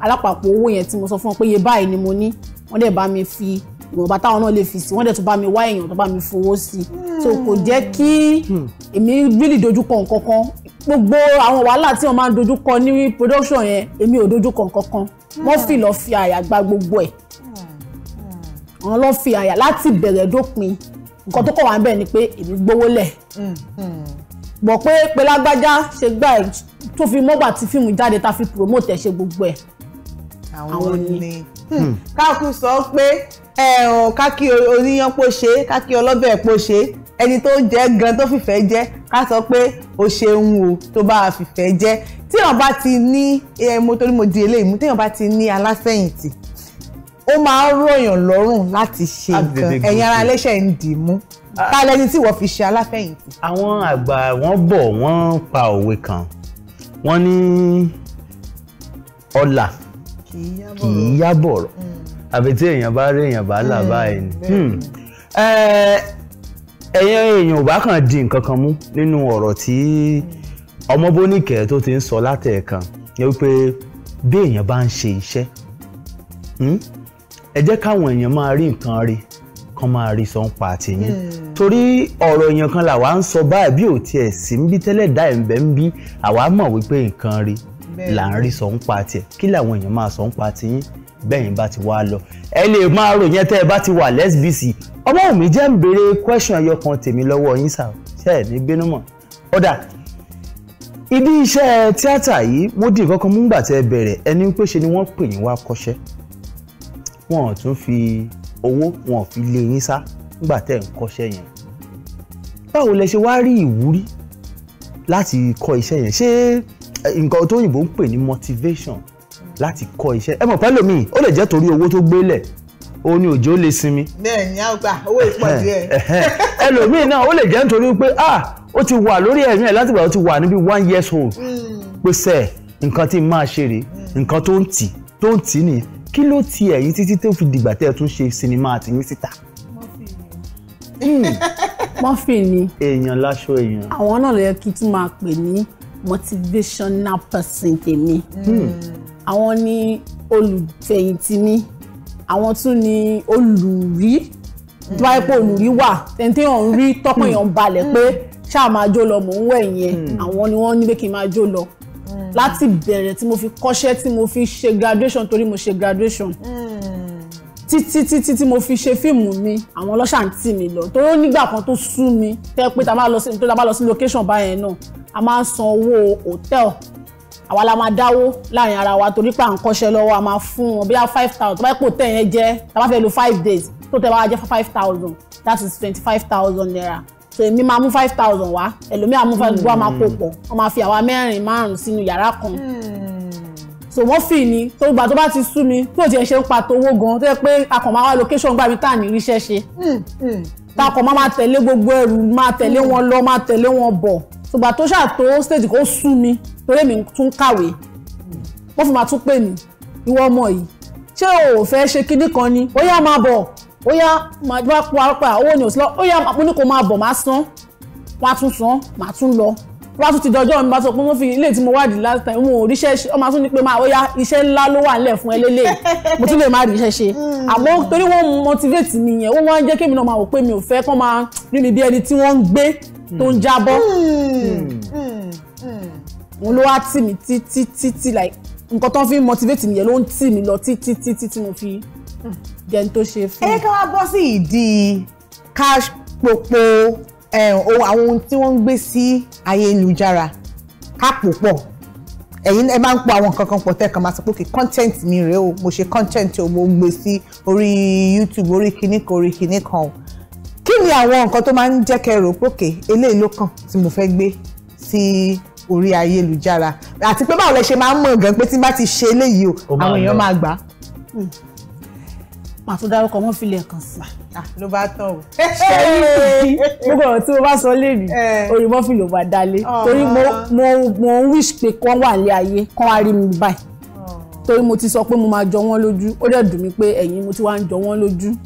alápapọ̀ owó yẹn tí mo sọ fún wọn pé iye báyìí ni mo ní wọ́n dẹ̀ bá mi fi ìwọ̀nba táwọn náà lè fi sí wọ́n dẹ̀ tún bá mi wá èèyàn tó bá mi fowó sí so kò jẹ́ kí hmm. èmi really dojúkọ nǹkan kan gbogbo àwọn wàhálà tí wọ́n máa ń dojú kọ ní production yẹn èmi ò dojú kọ kankan wọ́n hmm. fi lọ fi àyà gba gbogbo ẹ̀ hmm. wọ́n lọ fi àyà láti bẹ̀rẹ̀ dópin nǹkan tó kọ̀ wá bẹ́ẹ̀ ni pé èmi gbowó lẹ̀ gbọ́ hmm. pé pelágbájá ṣe gbà ẹ̀ tó fi mọ́gbà tí fíìmù jáde ta fi promote ẹ̀ ṣe gbogbo ẹ̀ àwọn ni káàkú sọ pé káàkiri oníyanpo ṣe káàkiri ọlọ́bẹ̀ pò ṣe ẹni tó jẹ́ gan tó fìfẹ́ jẹ́ ká sọ pé o ṣeun o tó bá a fìfẹ́ jẹ́ téèyàn bá ti ní mo torí mo di eléyìí mú téèyàn bá ti ní aláfẹ̀yìntì ó máa ń rọ̀yàn lọ́rùn láti ṣe nǹkan ẹ̀yin ara ẹlẹ́ṣẹ̀ ń dì í mú ká ah. lẹni tí wọ́n fi ṣe aláfẹ̀yìntì. àwọn àgbà wọ́n bọ̀ wọ́n pa òwe kan wọ́n ní ọlà kì í yá bọ̀rọ̀ àbí tí èèyàn bá rí èèyàn bá là hmm. báyìí ni ẹ̀yin èèyàn ò bá kàn di nǹkan kan mú nínú ọ̀rọ̀ tí ọmọbóníkẹ́ tó ti ń sọ látẹ̀ẹ̀kan ni wípé bí èèyàn bá ń ṣe iṣẹ́ hmm, ẹ jẹ́ káwọn èèyàn máa rí nǹkan rí kan máa rí sọ ń pa àtìyìn hmm. torí ọ̀rọ̀ èèyàn kan làwa ń sọ báyìí bí ò tiẹ̀ sí ń bí tẹ́lẹ̀ dá ẹ̀ ń bẹ́ ń bí àwa mọ̀ wípé nǹkan rí là ń rí sọ ń pa tiẹ̀ kí làwọn èèyàn máa sọ ń pa tiyín bẹ́yìn bá ti wá lọ ẹ lè máa rò yẹn tẹ́ ẹ bá ti wà lẹ́sbíìsì ọmọ òmí jẹ́ ń béèrè question ẹyọ tèmi lọ́wọ́ yín sà ṣe ẹ̀ ní gbénú mọ̀ ọ̀dà ibi iṣẹ́ tíátà yìí mo di nǹkan kan mú gbà tẹ́ ẹ bẹ̀rẹ̀ ẹni pé ṣe ni wọ́n pè yín wá kọ́ṣẹ́ wọn ò tún fi owó wọn ò fi lé yín sá nígbà tẹ́ ẹ ń kọ́ṣẹ́ yẹn báwo lẹ ṣe wá rí ìwúrí láti kọ́ iṣẹ́ yẹn ṣé nǹkan tó òyìnbó ń pè ní motivation láti kọ́ iṣẹ́ ẹ mọ̀ pẹ́ lómi ó lè jẹ́ torí owó tó gbélẹ̀ òun ni òjò lè sinmi. bẹ́ẹ̀ni a gba owó ìpọ díẹ̀. ẹlòmíín náà ó lè jẹ́ nítorí pé ah ó ti wà lórí ẹ̀mí ẹ̀ láti ìgbà tó ti wà níbi one years old hmm. pé sẹ́ẹ̀ nǹkan tí n máa ṣe rèé hmm. nǹkan tó ń tì tó ń tì nìyẹn kí ló ti ẹ̀yìn títí tó fi dìgbà tẹ́ ẹ tún ṣe sinimá àtìyín síta hmm. muffin ni. èèyàn láṣọ èèyàn. àwọn náà lè kí tún máa pè ní motivational person tèmi àwọn ni olùfẹ̀yìntì mi àwọn tún ni olùrí tó bá yẹ pé olùrí wà tẹ̀ntẹ́yàn ń rí tọ́kàn yàn balẹ̀ pé ṣáà máa jó lọ mò ń wẹ̀ yẹn hmm. àwọn ni wọ́n ní pé kí n máa jó lọ hmm. láti bẹ̀rẹ̀ tí mo fi kọ́ṣẹ́ tí mo fi ṣe graduation torí mo ṣe graduation hmm. títí títí tí mo fi ṣe fíìmù mi àwọn ọlọ́ṣà ń tì mí lọ torí ó nígbà kan tó sú mi tẹ́ pé tá a bá lọ sí location báyẹn náà a máa ń san owó hòtẹ́ẹ̀lì àwa la máa dáwó láàrin ara wa torí pé à ń kọ́ṣẹ́ lọ́wọ́ a máa fún wọn bí i five thousand tó bá pò tẹ̀ yẹn jẹ́ tá a bá fẹ́ lo five days tó tẹ̀ wá jẹ́ five thousand that is twenty five thousand naira so èmi máa mú five thousand wá ẹlòmíà mú five gbọ́ máa kó pọ̀ wọ́n máa fi àwa mẹ́rin márùn-ún sínú yàrá kan so wọ́n fì ní tó gbà tó bá ti sú mi tó tiẹ̀ ṣe ń pa tówó gan tó yẹ pé a máa wá location gbà mí tá à ní ríṣẹ́ ṣe hmm, hmm. tá a kàn máa tẹ̀lé gbogbo ẹrù máa tẹ̀lé wọn lọ máa tẹ̀lé wọn bọ̀ ṣùgbà tó ṣáà tó stage kó sú mi torí mi tún kàwé wọ́n fi máa tún pè mí ìwọ ọmọ yìí ṣé o ò fẹ́ ṣe kinní kan ni ó yá máa bọ̀ ó yá máa bá pa owó ni ò sí lọ ó yá mo ní kó máa bọ̀ máa san wọ́n á tún san màá tún lọ wọ́n á tún ti dọjọ́ mi bá sọ pé wọ́n fi ilé tí mo wádìí last time mo ò ríṣẹ́ ṣe ọmọ tún ní pé máa ó yá iṣẹ́ ńlá ló wà nílẹ̀ fún ẹ lélẹ̀ mo tún lè má ríṣẹ́ ṣe hmm. àmọ́ torí wọ́n motivate mi yẹn ó wá ń jẹ́ kémi náà máa wò pé mi ò fẹ́ kán máa rí mi bí ẹni tí wọ́n ń gbé tó ń jábọ́ hmm. òun ló wá tì mí títí títí like nǹkan tó ń fi motivate nìyẹn ló ń tì mí lọ títí títí tí mo fi jẹun tó ṣe fún ẹ ká wá bọ́ sí ìdí cash popo eh, àwọn ohun tí wọ́n ń gbé sí ayélujára ká pò pọ̀ ẹ̀yin ẹ máa ń pò àwọn nǹkan kan pọ̀ tẹ́ kan máa sọ pé content mi rèé o mo ṣe content o mo gbé sí orí YouTube orí kinní kan orí kinní kan o kí ni àwọn nǹkan tó máa ń jẹ́ kẹ́ rò pókè eléyìí ló kàn tí mo fẹ́ gbé sí orí ayélujára àti pé báwo lẹ ṣe máa ń mọ̀ gan pé tí bá ti ṣe eléyìí o àwọn èèyàn máa gbà á hmm. màá tún dárúkọ wọn fi lè kàn sí. Ah, ló bá tán o. ṣẹ́yìn gbogbo ọ̀rọ̀ tí mo bá sọ lèmi orí fi lò wá dalé torí mo ń wish pé kán wà ní ayé kán wá rí mi báyìí ah. torí mo ti sọ pé mo máa jọ wọn lójú ó dẹ̀ dùn mí pé ẹ̀yin mo ti wá ń jọ wọn lójú. Hmm.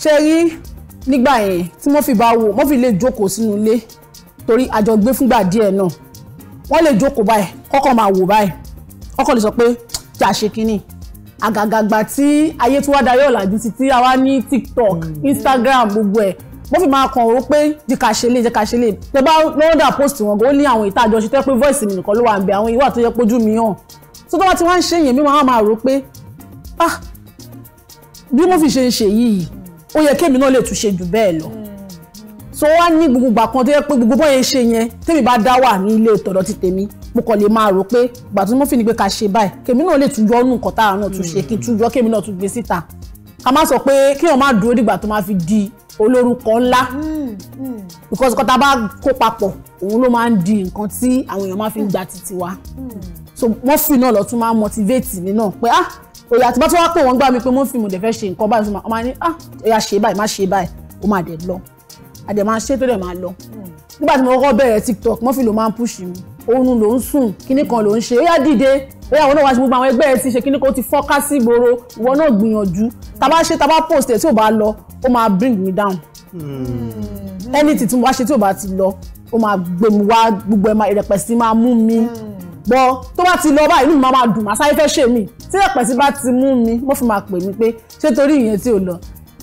ṣẹ́yìn nígbà yẹn tí mo fi bá wò mo fi lè jókòó sínú ilé torí àjọ gbé fúngbà díẹ̀ náà wọ́n lè jókòó báyìí kọ́kọ́ máa wò báyìí kọ́kọ́ lè sọ pé kí a ṣe kínní àgàgàgbà tí ayé tí wàá darí ọ̀làjú ti tí a ní tiktok hmm. instagram gbogbo ẹ̀ mo fi máa kàn ó pé jẹ́ ká ṣe lè jẹ́ ká ṣe lè tẹ bá lọ́dà post wọn gan ó ní àwọn ìta àjọṣe tó yẹ pé voice mi nìkan ló wà ń bẹ àwọn ìwà tó yẹ pójú mi hàn tó tó bá ti wá ń ṣe yẹn mi máa máa rò pé ah bí mo fi ṣe ń ṣe yìí ó yẹ kémi náà lè tún ṣe jù bẹ́ẹ̀ lọ so wá ní gbogbo ìgbà kan tó yẹ pé gbogbo bọ́yẹn ṣe yẹn tèmi bá dá wà ní ilé ìtọ́dọ̀ ti tèmi mo kàn lè máa rò pé ìgbà tí mo fi ni pé ká ṣe báyìí kémi náà lè tún yọ ọ́nù nǹkan táwọn náà tún ṣe kí tún yọ kémi náà tún gbé síta ká má sọ pé kí wọn má dúró dìgbà tó máa fi di olórúkọ ńlá mm, mm. because kọ́ta bá kó papọ̀ òun ló máa ń di nǹkan tí àwọn èèyàn máa fi ń gba títí wa mm, so wọ́n fi náà lọ tún máa motivate mi náà pé ah òyà tí bá tún wá pè wọ́n gbà mí pé mo ń fi mòdè fẹ́ ṣe nǹkan báyìí fún mi ọmọ ní ah òyà ṣe báyìí má ṣe báyìí ó máa dẹ̀ lọ àdẹ̀ máa ṣe tó dẹ̀ máa lọ nígbà tí mo kọ́kọ́ bẹ̀rẹ̀ tiktok mọ́fì ló máa ń pùṣì mi òun ló ń sùn kíní kan ló ń ṣe óyá dìde óyá àwọn náà wá sí gbogbo àwọn ẹgbẹ́ ẹ ti ṣe kíní kan ó ti fọ́ká sí ìgboro ìwọ náà gbìyànjú tá ṣe tá post ẹ̀ tí ò bá lọ ó máa bring me down hmm. anything tí mo wá ṣe tí ò bá ti lọ ó máa gbé wá gbogbo ẹ̀ máa ìrẹ̀pẹ̀ máa mú mi gbọ́ tó bá ti lọ báyìí inú mi máa dùn màá sáré fẹ́ ṣe mí tí ẹ̀pẹ̀ sí bá ti mú mi mo fi máa pè mí pé ṣé torí ìyẹn tí ò lọ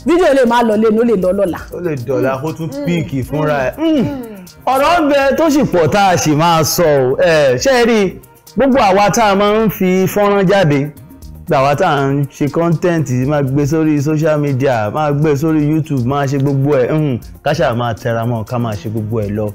fídíò lè máa lọ lẹ́nu ó lè lọ lọ́la. ó lè dọ̀la kó tún mm. píǹkì mm. fúnra ẹ̀. Mm. ọ̀rọ̀ ń bẹ tó sì pọ̀ tá a sì máa sọ ọ́ ṣé ẹ rí gbogbo àwa tá a máa ń fi fọ́nrán jáde gbàwá tá à ń ṣe kọ́ńtẹ́ǹtì máa gbé sórí social media máa gbé sórí YouTube máa ṣe gbogbo ẹ̀ ń káṣà máa tẹra mọ́ ká máa ṣe gbogbo ẹ̀ lọ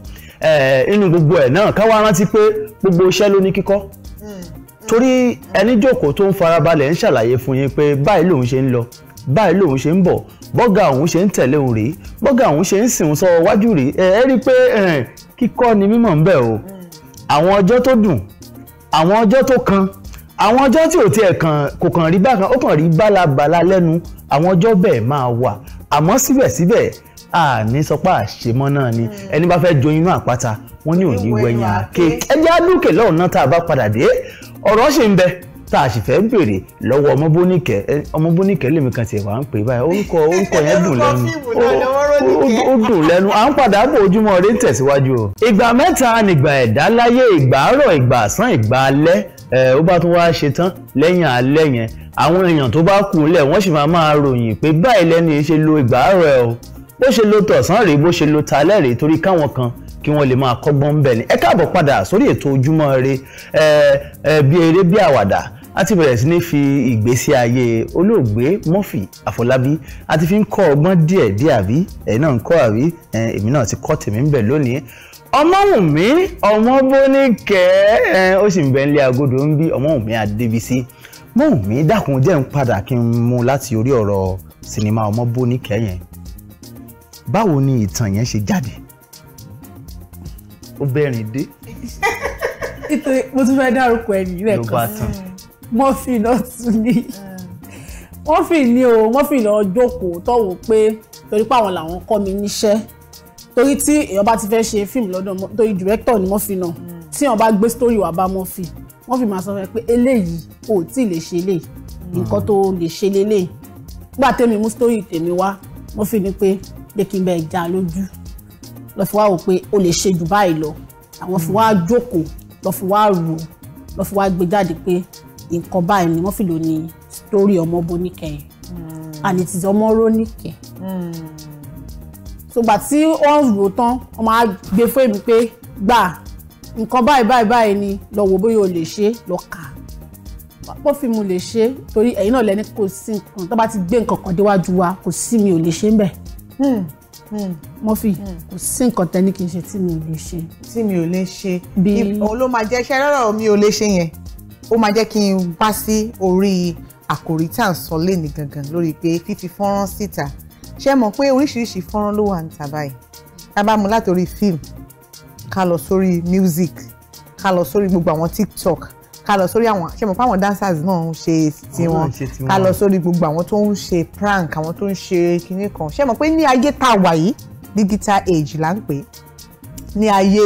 inú gbogbo ẹ̀ náà káwá rántí pé gbogbo iṣẹ́ ló ní kíkọ́ mm, mm. torí ẹni jókòó tó ń farabalẹ̀ ń ṣàlàyé fún yín pé báyìí lòun ṣe ń lọ báyìí lòun ṣe ń bọ̀ bọ́gà òun ṣe ń tẹ̀lé òun rèé bọ́gà òun ṣe ń sìn sọ wájú rèé ẹ ẹ rí i pé kíkọ́ ni mímọ̀ ń bẹ̀ o mm. àwọn ọjọ́ tó dùn àwọn ọjọ́ tó kan àwọn ọjọ́ tí ò tiẹ̀ kàn kò kàn rí bákan ó kàn rí bálabàla lẹ́nu àwọn ọjọ́ bẹ́ẹ̀ máa wà àmọ́ síbẹ̀síbẹ̀ àní sọpá àṣemọ́ náà ni hmm. ẹni bá fẹ́ jo inú àpáta wọ́n ní òní wẹ̀yìn àké ẹjẹ́ àdúkè lọ́rùn náà tá a bá padà dé ọ̀rọ̀ ṣì ń bẹ tá a sì fẹ́ ń béèrè lọ́wọ́ ọmọbóníkẹ́ ọmọbóníkẹ́ lèmi kan tiẹ̀ wá ń pè báyìí orúkọ orúkọ yẹn dùn lẹ́nu ó dùn lẹ́nu à ń padà bọ̀ ojúmọ́ ire ń tẹ̀síwájú o. ìgbà mẹ́ta nìgbà ẹ̀dá láyé ìgbà àárọ̀ ìgbà àsán ìgbà alẹ́ ó bá tún wá ṣe tán lẹ́yìn alẹ́ yẹn àwọn èèyàn tó bá kù ńlẹ̀ wọ́n sì máa máa ròyìn pé báyìí lẹ́ni ṣe lo ìgbà rẹ̀ o bó ṣe lo tọ̀sán rèé bó ṣe lo talẹ́ rèé torí káwọn kan kí wọ́n lè máa kọ́gbọ́n ń bẹ̀ ni ẹ káàbọ̀ padà sórí ètò ojúmọ́ ire bí eré bí àwàdà a ti bẹ̀rẹ̀ sí ní fi ìgbésí ayé olóògbé Murphy Àfọlábí a ti fi ń kọ́ ọgbọ́n díẹ̀ díẹ̀ àbí ẹ̀ náà ń kọ́ àbí èmi náà ti kọ́ tèmi ń bẹ̀ lónìí ọmọwùnmí ọmọbóníkẹ ẹ ó sì ń bẹ nílé agodo ń bí ọmọwùnmí adébísí mọwùnmí dákun jẹ́ ń padà kí n mú láti orí ọ̀rọ̀ sinimá ọmọbóníkẹ yẹn báwo ni ìtàn yẹn ṣe jáde ó bẹ̀rìn dé. mo tún fẹ́ dárúkọ ẹ̀yìn rẹ̀ kan mo fi lọ tún ní wọ́n fi ní o wọ́n fi lọ jókòó tọ́wọ́ pé torí pé àwọn làwọn kọ́ mi níṣẹ́ torí tí èèyàn bá ti fẹ́ ṣe fíìmù lọ́dọ̀ torí director ni Murphy náà mm. tí èèyàn bá gbé story wá bá Murphy Murphy máa sọ fún ẹ pé eléyìí ò tí ì lè ṣe lè mm. nǹkan tó lè ṣe lélẹ̀ nígbà tẹ́mi mú story tèmi wá Murphy ní pé pé kí n bẹ ìjà lójú lọ fi wá wò pé o lè ṣe jù báyìí lọ àwọn fi mm. wá jókòó lọ fi wá rò lọ fi wá gbé jáde pé nǹkan báyìí ni Murphy ló ní story ọmọ boníkẹyìn and it is ọmọ rónìkẹ ṣùgbà tí wọ́n rò tán wọ́n máa gbé fún èmi pé gbà nǹkan báyìí báyìí báyìí ni lọ wò bóyá o lè ṣe lọ kà pófìmù lè ṣe torí ẹ̀yin náà lẹ́ni kò sí nǹkan tó bá ti gbé nǹkan kan déwájú wa kò sí mi ò lè ṣe ń bẹ̀. mọ́fì kò sí nǹkan tẹ́ni kì í ṣe tí mi ò lè ṣe. tí mi ò lè ṣe òun ló máa jẹ́ iṣẹ́ rárá mi ò lè ṣe yẹn ó máa jẹ́ kí n bá sí orí àkòrí tá à ń sọ léni gangan lórí pé fífi fọ́nrán síta ṣe mọ̀ pé oríṣiríṣi fọ́nrán ló wà ní tàbá yìí tá a bá mú látòrí film ká lọ sórí music ká lọ sórí gbogbo àwọn tiktok ká lọ sórí àwọn ṣe mọ̀ pé àwọn dancers náà ń ṣe tiwọn ká lọ sórí gbogbo àwọn tó ń ṣe prank àwọn tó ń ṣe kinní kan ṣe mọ̀ pé ní ayé tá a wà yìí digital age là ń pè é ní ayé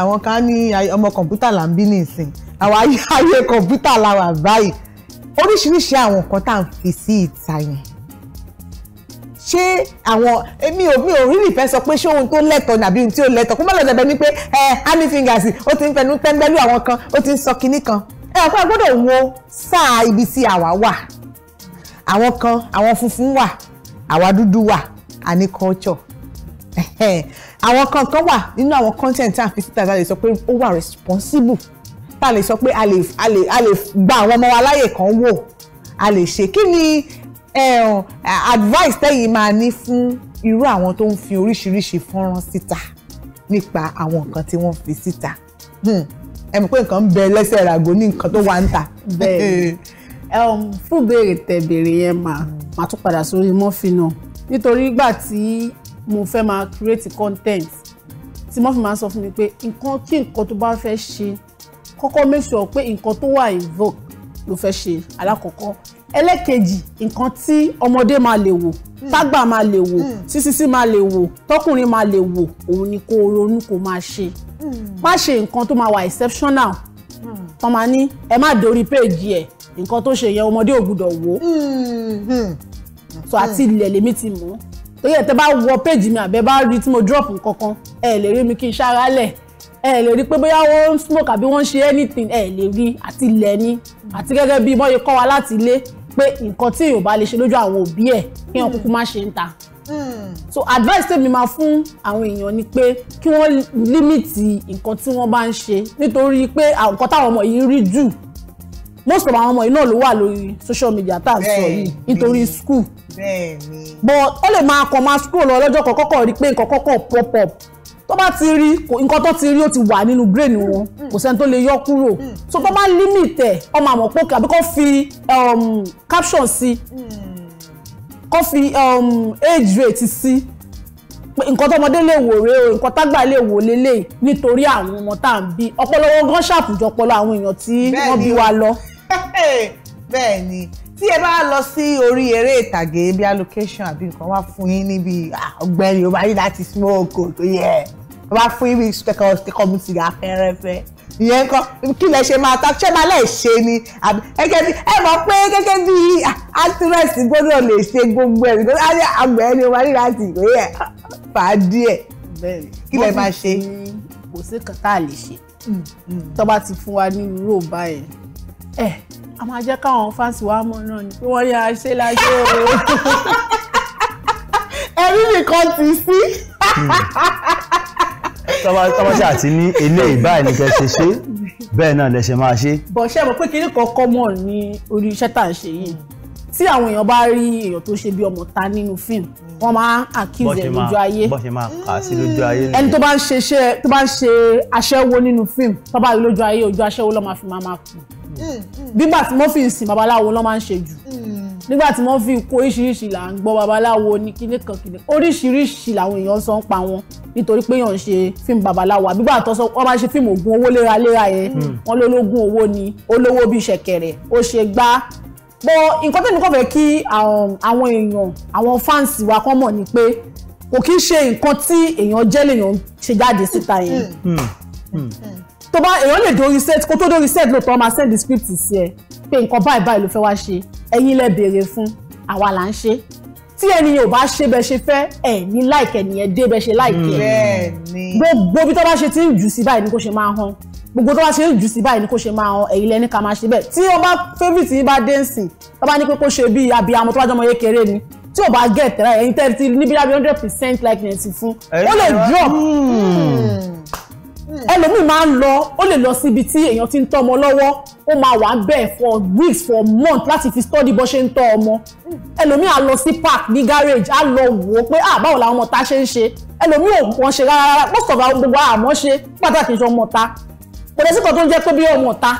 àwọn kan ní ọmọ kọ̀ǹpútà là ń bí nìsín àwọn ayé kọ̀ǹpútà là wà báyìí oríṣiríṣi àwọn nǹkan tá à ń fi sí ìta yẹn ṣé àwọn èmi ò mi ò really fẹ́ sọ pé ṣé ohun tó lẹ́tọ̀ nàbí ohun tí ó lẹ́tọ̀ kó má lọ dẹ̀bẹ̀ ni pé ẹ honey fingers ó ti ń fẹnu tẹ́ńbẹ́lú àwọn kan ó ti ń sọ kinní kan ẹ ọ̀pá gbọ́dọ̀ wo sáà ibi tí àwa wà àwọn kan àwọn funfun wà àwa dúdú wà àní culture àwọn kankan wà nínú àwọn content tá a fi síta tá a lè sọ pé ó wà responsible tá a lè sọ pé a lè gba àwọn ọmọ wa láyè kan wò a lè ṣe kí ni advice tẹ́yìn máa ní fún irú àwọn tó ń fi oríṣiríṣi fọ́nrán síta nípa àwọn nǹkan tí wọ́n fi síta hmm. ẹ mọ̀ pé nǹkan ń bẹ lẹ́sẹ̀ ràgó ní nǹkan tó wà ń tà. bẹ́ẹ̀ um, fún béèrè tẹ béèrè yẹn máa hmm. máa tún padà sórí mọ́fì náà nítorí ìgbà tí mo fẹ́ máa create content tí mọ́fì máa sọ fún mi pé nǹkan kí nǹkan tó bá fẹ́ ṣe kọ́kọ́ make sure pé nǹkan tó wà in vogue ló fẹ́ ṣe alákọ̀ọ́kọ́ ẹlẹ́kejì nǹkan tí ọmọdé máa lè wò hmm. tágbà máa lè wò sísísí hmm. máa lè wò tọkùnrin máa lè wò òun ni kó ronú kó máa ṣe hmm. má ṣe nǹkan tó máa wà exceptional wọ́n máa ní ẹ má dorí péèjì ẹ̀ nǹkan tó ṣe yẹn ọmọdé ò gbúdọ̀ wò so àti ilẹ̀ lèmi ti mọ̀ torí ẹ̀ tẹ́ bá wọ péèjì mi àbẹ́ bá rí tí mo drop nǹkan kan ẹ lè rí mi kí n ṣáralẹ̀ ẹ lè rí pé bóyá wọ́n ń smoke àbí wọ́n ń ṣe anything ẹ lè rí àti ilẹ̀ ni àti gẹ́gẹ́ bí bọ́yẹ kọ́ wa láti ilé pé nǹkan tí èèyàn bá lè ṣe lójú àwọn òbí ẹ̀ kí wọ́n hmm. kúkú má ṣe ń ta. Hmm. so advice tèmi máa fún àwọn èèyàn ni pé kí wọ́n límìtì nǹkan tí wọ́n bá ń ṣe nítorí pé nǹkan táwọn ọmọ yìí rí jù most of àwọn ọmọ yìí náà ló wà lórí social media tá à ń sọ yìí nítorí school but ó lè máa kàn máa scroll lọ lọ́jọ́ kọ̀ọ̀kọ̀ rí pé nǹkan kọ̀ọ̀kan pop up tó bá ti rí nǹkan tó ti rí ó ti wà nínú brain wọn hmm. kò sẹ́ni tó lè yọ kúrò hmm. so tó bá limit ẹ̀ ọmọ àmọ̀ pòkè àbí kó fi um, caption sí hmm. kó fi um, age rate sí nǹkan tọmọdé lè wò rèé o nǹkan tágbà lè wò lélẹ̀ nítorí àwọn ọmọ tá à ń bí ọpọlọ wọn gan ṣàpùjọ ọpọlọ àwọn èèyàn tí wọ́n bí wa lọ. bẹ́ẹ̀ ni tí ẹ bá lọ sí orí eré ìtàgé bí allocation àbí nǹkan wá fún yín níbi ah, ọ̀gbẹ́ni o bá yí láti smoke o tó yẹ bá fún ibi ìsúpẹ̀kọ̀ ọ̀sìnkọ̀ mi ti yà fẹ́rẹ́fẹ́ ìyẹn kọ́ kí lẹ ṣe máa ta ṣé máa lẹ̀ ṣe ni àbí gẹ́gẹ́ bí ẹ mọ̀ pé gẹ́gẹ́ bí actress gbọ́dọ̀ lè ṣe gbogbo ẹ̀ nígbà tí àgbẹ̀ ẹni wọn ní láti ìwé ẹ̀ fà á díẹ̀ kí lẹ máa ṣe. kò sí kan tá a lè ṣe tó bá ti fún wa ní irú òbá yẹn ẹ a máa jẹ́ káwọn fáǹsì wa mọ̀ náà ni pé wọ́n ní àṣẹ láṣẹ o. ẹ̀rí nìkan ti sí. Hmm. tọ́mọ́sí àti ní eléyìí báyìí ni kẹ́ ṣe ṣe bẹ́ẹ̀ náà lẹ ṣe máa ṣe. bọ̀ ṣe mọ̀ pé kinní kan kọ́mọ̀ ní orí iṣẹ́ tá à ń ṣe yìí tí àwọn èèyàn bá rí èèyàn tó ṣe bí ọmọ ta nínú fíìmù wọ́n máa ń accuse ẹ̀ lójú ayé bọ́ ṣe máa kà á sí lójú ayé nìyẹn ẹni tó bá ń ṣe aṣẹ́wó nínú fíìmù tó bá rí lójú ayé ojú aṣẹ́wó ló máa fi máa máa kù nígbà tí wọ́n fi ìsìn babaláwo ló máa ń ṣe jù mm. nígbà tí wọ́n fi kó oríṣiríṣi là ń gbọ́ babaláwo ní kíní kan kíní oríṣiríṣi làwọn èèyàn sọ ń pa wọn nítorí pé èèyàn ń ṣe fíìmù babaláwo àbí bá àtọ́sọ wọ́n máa ń ṣe fíìmù oògùn owó léraléra yẹn mm. wọ́n lólógùn owó ni olówó bíi ṣẹ̀kẹ̀rẹ̀ ó ṣe gbá bó nǹkan tẹ́mi kọ́ fẹ́ kí um, àwọn èèyàn àwọn fáǹsì wa kọ́ mọ̀ ni pé kò kí ń ṣe nǹkan tí èèyàn jẹ́ lèèyàn ṣe tó bá èèyàn lè dórí set kó tó dórí set lóòótọ́ máa send the script sí ẹ pé nǹkan báyìí báyìí ló fẹ́ wá ṣe ẹ̀yin lẹ béèrè fún àwa là ń ṣe tí ẹnìyàn ò bá ṣe bẹ ṣe fẹ́ ẹ ní láìkẹ́ nìyẹn dé bẹ ṣe láìkẹ́ ẹ gbogbo bí tó bá ṣe ti ń jù sí báyìí ni kò ṣe máa hàn gbogbo tó bá ṣe ń jù sí báyìí ni kò ṣe máa hàn ẹ̀yin lẹ́ni ká máa ṣe bẹ́ẹ̀ tí ọba favourite yìí bá dé ń sìn tó bá ní pé kó ṣe bí abiyamọ tó bá jọmọ yékeré ni tí ò bá gẹ̀ tẹ́lá ẹ̀yin tẹ́lẹ̀ ti níbi lábẹ́ hundred percent likeness fún ó lè drop. Hmm. Hmm. ẹlòmíì máa ń lọ ó lè lọ síbi tí èèyàn ti ń tọ́ ọmọ lọ́wọ́ ó máa wà bẹ́ẹ̀ for weeks for months láti fi study bó ṣe ń tọ́ ọmọ hmm. ẹlòmíì á lọ sí park ní garage á lọ wò ó pé ah báwo làwọn ọmọ ta ṣe ń ṣe ẹlòmíì ò wọ́n ṣe rárá most of our gbogbo àmọ́ ṣe pàtàkì ìṣọ́ ọmọ ta kò lè síkọ̀ tó ń jẹ́ pé bí ọmọ ta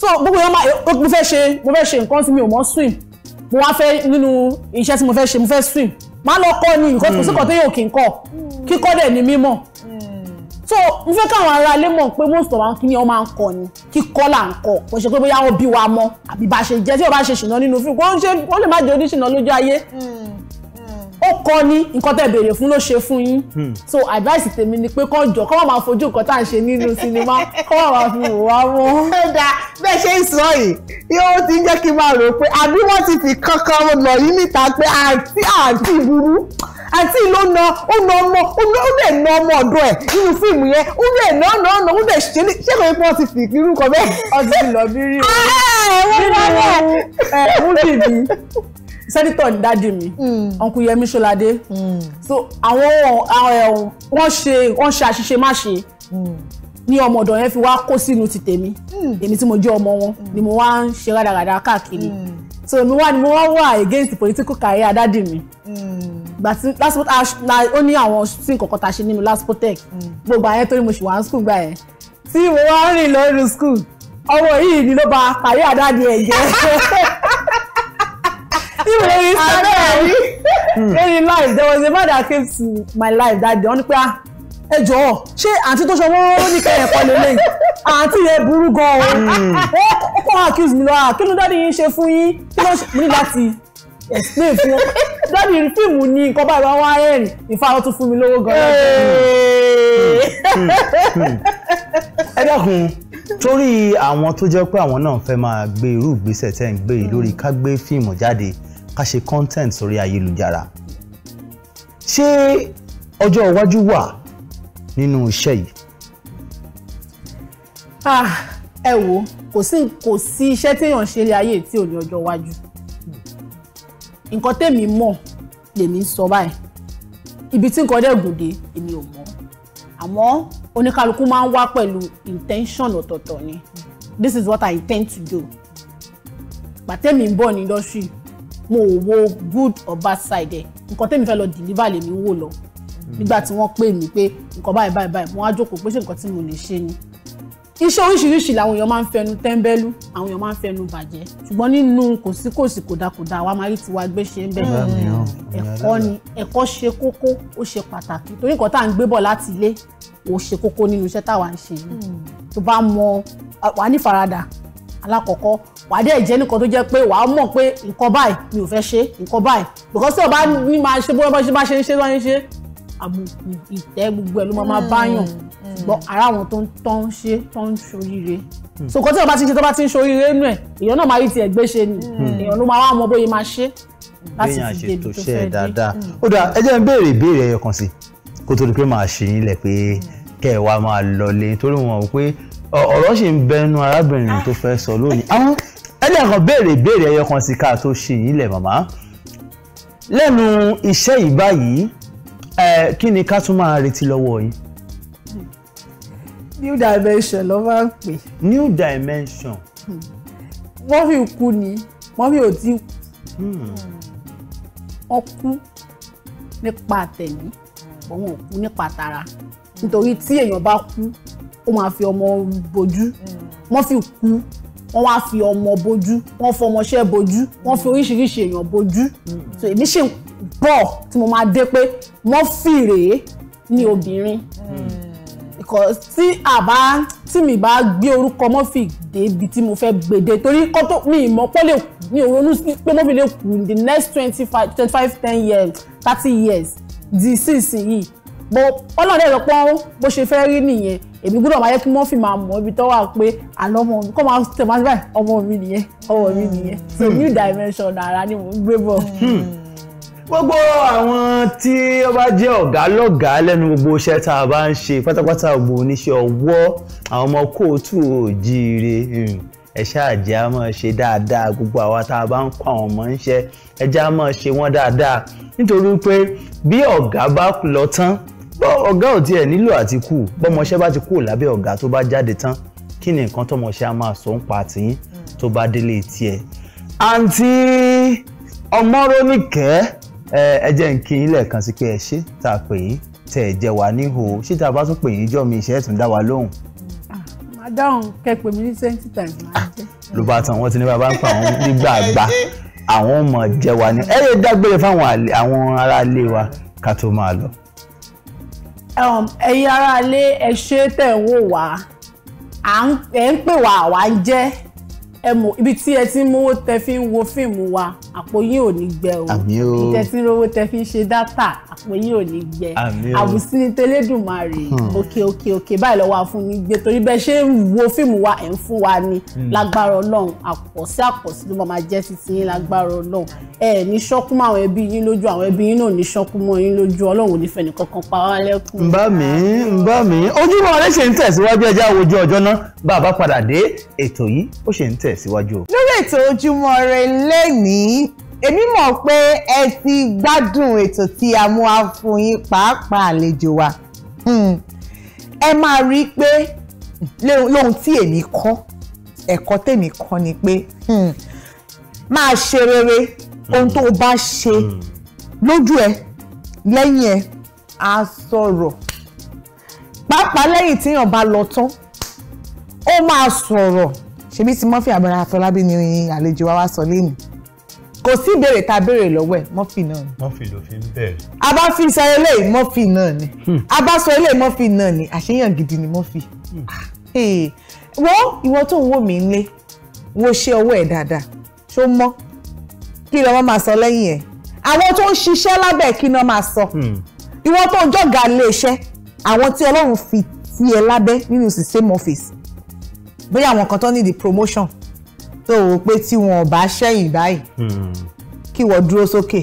so gbogbo yẹn máa mo fẹ́ ṣe mo fẹ́ ṣe nǹkan tí mi ò mọ̀ swim mo wá fẹ́ nínú iṣẹ́ tí mo fẹ́ ṣe mo fẹ́ swim máa lọ kọ́ ni ìkọ́sọ̀sọ̀kọ̀ tó yẹ òkè ń kọ́ hmm. kíkọ́ dẹ̀ ni mímọ̀ so mo fẹ́ káwọn ará ilé mọ̀ pé most of àwọn kìnìún máa ń kọ ni kíkọ́ là ń kọ kò ṣe pé bóyá wọ́n bí wa mọ́ àbí bá ṣe jẹ́ tí wọ́n bá ṣe ṣìnà nínú fún un ó lè má jẹ́ oníṣìnà lójú ayé hmm, hmm. ó kọ́ ní nǹkan tẹ́ béèrè fún ló ṣe fún yín hmm. so advice tèmi ni pé kán jọ kán má máa fojú nǹkan tá à ń ṣe nínú sinimá kán má máa fi wò wá mọ́. ó dà bẹ́ẹ̀ ṣe ń sọ yìí yóò ti jẹ́ kí n máa rò pé àbí wọ́n ti fi kankan lọ yín níta pé àǹtí àǹtí burú àǹtí ló na ó na ọmọ ó lè na ọmọ ọ̀dọ̀ ẹ̀ nínú fíìmù yẹn ó lè na ọ̀nà ọ̀nà ó lè ṣe ní ṣé kò ní pé wọ́n ti fi irú kan bẹ́ẹ̀. ọtí lọ bí rí o ah, nínú ẹ múlì mi sẹ́nitọ̀ ní dáàdì mi ọ̀nkú Yẹmí Ṣọ́ládé so àwọn wọ́n ṣe wọ́n ṣe àṣìṣe má ṣe hmm. ní ọmọ ọ̀dọ̀ yẹn fi wá kó sínú ti tèmi hmm. èmi tí mo jẹ́ ọmọ wọn hmm. ni mo wá ń ṣe rádaràdà káàkiri so mi wá ni mo wá wà against political career dáàdì mi. Mm lásìkò ó ní àwọn sí nǹkan kan tá a ṣe nínú laspotec mm. gbogbo àyẹn torí mo ṣì wà ní school gbà yẹn tí mo wá rìn lórí school ọmọ yìí ni ló bá parí àdáde ẹ̀ jẹ́ tí mo rí instagram mm. lórí life there was a man that came to my life that day wọ́n ní pé ah ẹ jọ̀ọ́ ṣé àǹtí tó ṣọwọ́ ní kẹyìn kan lè lẹ́yìn àǹtí yẹn burú gan-an mm. ó kọ́ accuse mi lọ́wọ́ ah, kí ló dáadé yín ṣe fún yín kí ló ní láti explain fún wọn dáàdi fíìmù ni nǹkan báyìí wọn wá rẹ́rìn ìfà wọn tún fún mi lówó gan-an. Hmm, hmm, hmm. ẹ dákun torí àwọn tó jẹ́ pé àwọn náà fẹ́ máa gbé irú ìgbésẹ̀ tẹ́ ń gbé yìí lórí ká gbé fíìmù jáde ká ṣe content sórí ayélujára ṣé ọjọ́ iwájú wà nínú iṣẹ́ yìí. Ah, ẹ wo kò sí iṣẹ́ téèyàn ṣe lé ayé tí ò ní ọjọ́ iwájú nǹkan tèmi mọ̀ lèmi ń sọ báyìí ibi tí nǹkan dẹ̀ gùn dé èmi ò mọ̀ àmọ́ oníkálukú máa ń wá pẹ̀lú intention ọ̀tọ̀ọ̀tọ̀ ni this is what I intend to do pàtẹ́mi ń bọ̀ ní industry mo ò wo good or bad side ẹ̀ nǹkan tẹ́mi fẹ́ lọ deliver lèmi wò lọ nígbà tí wọ́n pè mí pé nǹkan báyìí báyìí báyìí mo wá jókòó pé ṣé nǹkan tí mo lè ṣe ni iṣẹ́ oríṣiríṣi làwọn èèyàn máa ń fẹnu tẹ́ńbẹ́lú àwọn èèyàn máa ń fẹnu bàjẹ́ ṣùgbọ́n nínú kòsíkòsí kòdàkòdà àwa máa rí tiwa gbé ṣe ń bẹ̀ ẹ̀kọ́ ni ẹ̀kọ́ ṣe kókó ó ṣe pàtàkì torí nǹkan tá à ń gbé bọ̀ láti ilé ó ṣe kókó nínú iṣẹ́ táwa ń ṣe yìí tó bá mọ wàá ní faradà alákọ̀ọ́kọ́ wà á dẹ̀ jẹ́ nìkan tó jẹ́ pé wà á mọ̀ pé nǹkan báyìí mi ò fẹ́ ṣe nǹkan báyìí because tí o bá ní máa ṣe bó bá ṣe ń ṣe bá ń ṣe àbùkù ìtẹ́ gbogbo ẹ̀ ló máa máa báyàn mm, mm. ṣùgbọ́n ara àwọn tó ń tán ń ṣe tán ń ṣoríire mm. so kọ́ tí wọ́n bá ti ń ṣe tó bá ti ń ṣoríire nù ẹ̀ èèyàn náà máa rí tiẹ̀ gbé ṣe ni èèyàn ló máa wá mọ bóyá máa ṣe láti fi débi tó fẹ́ dé. ó dáa ẹ jẹ́ n béèrè ìbéèrè ẹyọ kan sí kó tó di pé màá ṣì yín lẹ̀ pé kẹ́ ẹ wá máa lọlé e, torí mo mọ̀ pé ọ̀rọ̀ ṣì ń bẹnu arábìnrin tó fẹ́ sọ lónìí àwọn ẹlẹ́ ẹ kí ni ká tún máa retí lọ́wọ́ yín. new dimension ló máa ń pè. new dimension. wọ́n fi kú ni wọ́n fi ò tí kú. Hmm. wọ́n kú nípa tẹ̀mí òun ò kú nípa tara nítorí tí èèyàn bá kú ó máa fi ọmọ bojú wọ́n fi kú wọ́n wá fi ọmọ bojú wọ́n fọmọṣẹ́ bojú wọ́n fi oríṣiríṣi èèyàn bojú hmm. so èmi ṣe ń bọ̀ tí mo máa dé pé wọ́n fi ní obìnrin because tí àbá tí mi bá gbé orúkọ Murphy débi tí mo fẹ́ gbèdé torí kọ́ mi ìmọ̀ pọ́ lè mi ò ronú pé Murphy lè kú in the next twenty five twenty five ten years thirty years di sísìnyìí bó ọlọ́run ẹ̀rọ pọ́n bó ṣe fẹ́ rí nìyẹn èmi gbọ́dọ̀ máa yẹ kí wọ́n fi máa mọ̀ ibi tó wà pé àlọ́ ọmọ mi kọ́ máa tẹ̀ máa báyìí ọmọ mi nìyẹn ọmọ mi nìyẹn so new dimension ara ni mo ń gbé bọ̀. Hmm gbogbo àwọn tí ó bá jẹ́ ọ̀gá lọ́gàá lẹ́nu gbogbo iṣẹ́ tá a bá ń ṣe pátápátá gbogbo oníṣẹ́ ọwọ́ àwọn ọmọ kóòtù òjíire ẹ ṣáà á máa ṣe dáadáa gbogbo àwa tá a bá ń kọ́ àwọn ọmọ ń ṣe ẹ jẹ́ á máa ṣe wọ́n dáadáa nítorí pé bí ọ̀gá bá lọ tán ọ̀gá ò tiẹ̀ nílò àti kù bọ́mọṣẹ́ bá ti kù lábẹ́ ọ̀gá tó bá jáde tán kí ni nǹkan tọ́mọṣẹ́ á máa sọ ń pa tìyín tó bá délé tiẹ̀ àǹtí ọmọrónìkẹ́ ẹ jẹ́ n kí yín lẹ́ẹ̀kan sí pé ẹ ṣé tá a pè yín tẹ̀ ẹ̀ jẹ́ wá níhò ṣé tá a bá tún pè yín jọ́ mi ìṣe ẹ̀ dá wa lóhùn. Ah, madam kẹ pè mí ní twenty times máa ah, jẹ. ló bá tán wọn ti ní bàbá ń pa àwọn nígbàgbà àwọn ọmọ jẹ wa ní ẹ yẹ dágbére fáwọn àwọn aráalé wa ká tó máa lọ. Um, ẹ̀yin aráalé ẹ ṣé tẹ̀ ń wò wá ẹ ń pè wá àwa ń jẹ́ ẹ mọ ibi tí ẹ ti ń mówó tẹ fi ń wo fíìmù wa àpò yín ò ní gbẹ o àmín o ibi tẹ ti ń rówó tẹ fi ń ṣe dátà àpò yín ò ní gbẹ àmín o àbùsí ni tẹlẹdùnmarè hmm. òkè òkè òkè báyìí lọ́wọ́ àfún mi gbé torí bẹ́ẹ̀ ṣé ń wo fíìmù wa ẹ̀ ń fún wa ni hmm. lágbára ọlọ́run àpọ̀sí àpọ̀sí ló máa jẹ́ títí yín lágbára ọlọ́run ẹ ní ṣọ́kú mọ́ àwọn ẹbí yín lójú àwọn ẹbí yín náà ní ṣọ́kú mọ́ yín lójú ọlọ́run ò ní fẹ́ni kankan pa wá lẹ́kùn. ń bá mi ń bá mi ojúmọ́ ire ṣe ń tẹ̀síwájú ẹja àwùjọ ọjọ́ náà bá a bá padà dé ètò yìí ó ṣe ń tẹ̀ tẹ̀ síwájú. lórí ètò ojúmọ́ ire lénìí èmi mọ̀ pé ẹ ti gbádùn ètò tí a mú wá fún yín pàápàá àlejò wa hmm. ẹ máa rí i pé lóhun tí èmi kọ́ ẹ̀kọ́ tèmi kọ́ ni pé hmm, máa ṣe rere hmm. ohun tó bá ṣe lójú ẹ lẹ́yìn ẹ á sọ̀rọ̀ pàápàá lẹ́yìn tíyàn bá lọ tán ó máa sọ̀rọ̀ ṣebí tí Murphy abẹ́rẹ́ Afọlábí ni àlejò wa wá sọ lẹ́nu kò sí ìbéèrè tá a béèrè lọ́wọ́ ẹ̀ Murphy náà ni. Murphy ló fi ń bẹ̀rẹ̀. a bá fi sọ eléyìí Murphy náà ni hmm. a bá sọ eléyìí Murphy náà ni àṣeyàn gidi ni Murphy. Hmm. Ah, wọ́n ìwọ tó ń wò mí ń lé wo ṣé ọwọ́ ẹ̀ dáadáa ṣó mọ́ kí ni wọ́n máa sọ lẹ́yìn ẹ̀ àwọn tó ń ṣiṣẹ́ lábẹ́ kí ni wọ́n máa sọ hmm. ìwọ tó ń jọ̀gá ilé iṣẹ́ àwọn tí Ọlọ́run fi tiẹ̀ lábẹ́ nínú sísẹ́mù ọ́fíìsì bóyá àwọn kan tó ní the promotion tó wò ó pé tí wọn ò bá ṣẹ́yìn báyìí hmm. kí wọ́n dúró sókè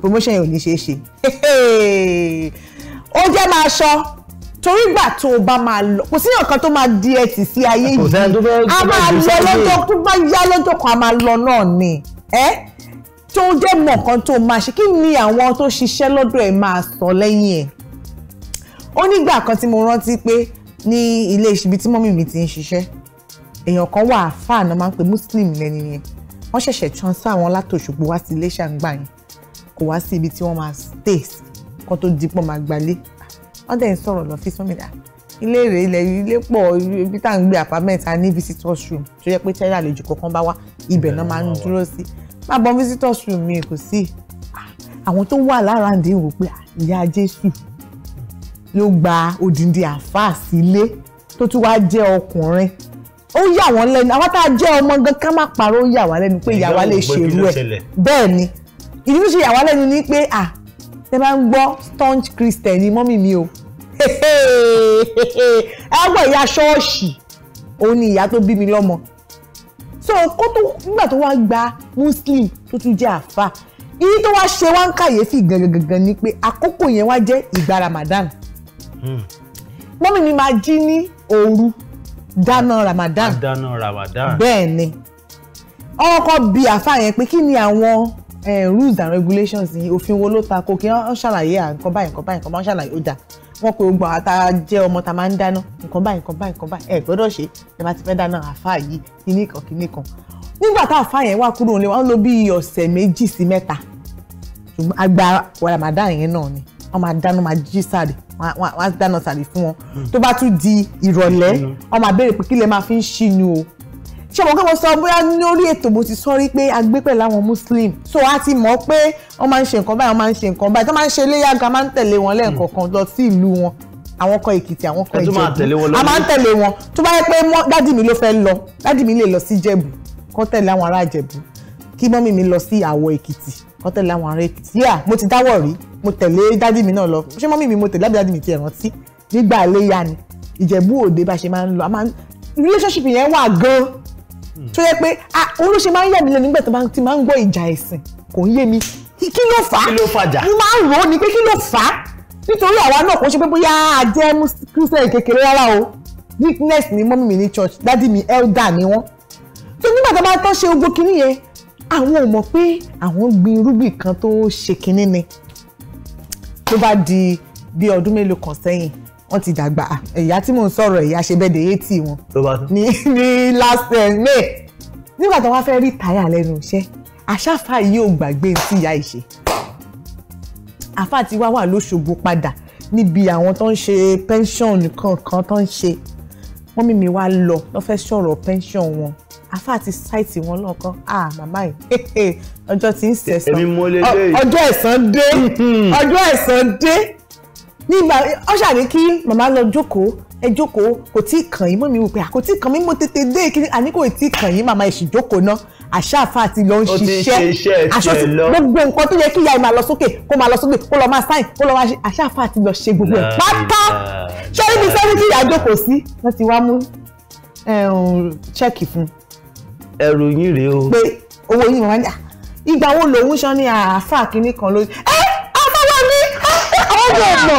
promotion yẹn ò ní ṣeé ṣe ó jẹ́ máa ṣọ́ torí gbà tó o bá máa lọ kò síyàn kan tó máa di ẹtì sí ayé yìí a máa lọ lọ́jọ́ a máa lọ náà ni ẹ́ tó jẹ́ mọ̀ kan tó máa ṣe kí ni àwọn tó ṣiṣẹ́ lọ́dọ̀ ẹ̀ máa sọ lẹ́yìn ẹ̀ ó nígbà kan tí mo rántí pé ní ilé ibi tí mọ́mí mi ti ń ṣiṣẹ́ èèyàn kan wà àfáà náà máa ń pe muslim lẹ́ni yẹn wọ́n ṣẹ̀ṣẹ̀ transfer wọn látòṣogbo wá sí iléṣà ń gbà yẹn kò wá sí ibi tí wọ́n máa stay kan tó di pọ́n máa gbalé wọ́n dẹ̀ ń sọ̀rọ̀ lọ fi sọ́mìdá ilé rè ilẹ̀ ilé pọ̀ ibi tá à ń gbé apartment a ní visitors room tó yẹ pé tẹ́lẹ̀ àlejò kọ̀ọ̀kan bá wá ibẹ̀ náà máa ń dúró sí má bọ́ visitors room mi kò sí ah, àwọn tó wà lára ǹdí wò pé ah, ìyá jésù ló gba odindi àáfàá sílé tó tún wáá jẹ́ ọkùnrin ó yà wọ́n lẹ́nu àwọn tá a jẹ́ ọmọ gan ká má parọ́ ó yà wá lẹ́nu pé ìyá wa lè ṣerú ẹ̀ bẹ́ẹ̀ ni ìdí tó ṣe yà wá lẹ́nu ni pé à ẹ bá ń gbọ́ staunch christian ni mọ́mì mi o ẹ gbọ́ ìyá ṣọ́ọ̀ṣì òun ni ìyá tó bí mi lọ́mọ so kó tó nígbà tó wá gba muslim tó tún jẹ́ àáfàá iye tó wá ṣe wá ń kàyéfì gangan ni pé àkókò yẹn wá jẹ́ ìgbára madam mọ́mí mi máa jí ní òru dáná Ramadan dáná Ramadan bẹ́ẹ̀ ni ọkọ̀ bíi àfa yẹn pé kí ni àwọn eh, rules and regulations yìí òfin wo ló ta ko kí wọ́n ṣàlàyé à nǹkan báyìí nǹkan báyìí nǹkan báyìí ṣàlàyé ó dà wọ́n pe gbọ́n àtà jẹ́ ọmọ tá a máa ń dáná nǹkan báyìí nǹkan báyìí nǹkan báyìí ẹ gbọ́dọ̀ ṣe ẹ bá ti fẹ́ dáná àfa yìí kíní kan kíní kan nígbà tá àfa yẹn wà kúrò nílé wọn ló bí ọ̀sẹ̀ méjì sí mẹ́ta àgbà Ramadan yẹn náà ni wọ́n máa dáná máa jí sáré wọ́n á dáná sáré fún wọn tó bá tún di ìrọ̀lẹ́ wọ́n máa béèrè pé kí lè máa fi ń ṣínú o ṣé mo kọ́ mo sọ bóyá lórí ètò mo ti sọ rí pé a gbé pẹ̀lú àwọn muslim so a ti mọ̀ pé wọ́n máa ń ṣe nǹkan báyìí wọ́n máa ń ṣe nǹkan báyìí tó máa ń ṣe iléyà gan máa ń tẹ̀lé wọn lẹ́ẹ̀kọ̀ọ̀kan lọ sí ìlú wọn àwọn kan èkìtì àwọn kan ìjẹ̀bú a máa ń tẹ̀lé wọn tó bá yẹ pé dádì mi ló fẹ́ lọ dádì mi lè lọ sí ìjẹ̀bú kọ́ tẹ̀lé àwọn ará ìjẹ̀bú kí mọ́mì mi lọ sí àwọ̀ èkìtì wọ́n tẹ̀lé àwọn ààrẹ tíà mo ti dáwọ̀ rí mo tẹ̀lé dádì mi náà lọ ṣé mọ́mí mi mo tẹ̀lé àbí mi ti ẹ̀ rántí nígbà iléyà ni ìjẹ̀bú òde bá ṣe máa ń lọ relationship yẹn wà gan tó yẹ pé òun ló ṣe máa ń yà mí lẹ́nu nígbà tí máa ń gbọ́ ìjà ẹ̀sìn kò ń yé mi kí ló fà á kí ló fàjà mo máa ń rò ó ni pé kí ló fà á nítorí àwa náà kò ṣe pé bóyá a jẹ́ christian kékeré rárá o weakness ni mọ́mí mi ní church dádì mi elder ni wọ́n tó nígbà tó bá tán ṣe ogbó kinní yẹn àwọn ò mọ̀ pé àwọn gbin irúgbìn kan tó ṣe kínní ni tó bá di bí ọdún mélòó kan sẹ́yìn wọ́n ti dàgbà ìyá tí mò ń sọ̀rọ̀ ìyá ṣe bẹ́ẹ̀ dé eighty wọn ní ní last eh, May nígbà tó wá fẹ́ rí táyà lẹ́nu iṣẹ́ àṣàfà yìí ò gbàgbé tí ìyá ìṣe àfà tí wá wà lóṣogbo padà níbi àwọn tó ń ṣe pension kankan tó ń ṣe wọ́n mímí wá lọ lọ́ fẹ́ sọ̀rọ̀ pension wọn àfáà ti ṣáìtì wọn lọ́kàn ah màmá yìí ọjọ́ tí ń sẹ̀sán ọjọ́ ẹ̀san dé ọjọ́ ẹ̀san dé nígbà ọ̀ṣà ní kí màmá lọ jókòó ẹ jókòó kò tí ì kàn yín mọ́ mi wò pé kò tí ì kàn mí mo tètè dé kí àní kò tí ì kàn yín màmá ẹ̀sìn jókòó náà àṣà àfáà ti lọ ń ṣiṣẹ́ aṣọ ti gbogbo nǹkan tó yẹ kí ìyá ẹ̀ máa lọ sókè kó máa lọ sókè kó lọ máa sáìn kó lọ máa ṣe àṣà àfáà ti lọ ṣe gbogbo ẹ̀ pátá ṣé ibi sẹ́ni tí ìyá jókòó sí wọ́n ti wá mú ṣẹ́ẹ̀kì fún un ẹrù yín rèé o. pé owó yìí máa ń jà ìgbà wo lòun ṣan ní àáfà kínní kan lójú ẹ afáwà mi àwọn ọmọ ọmọ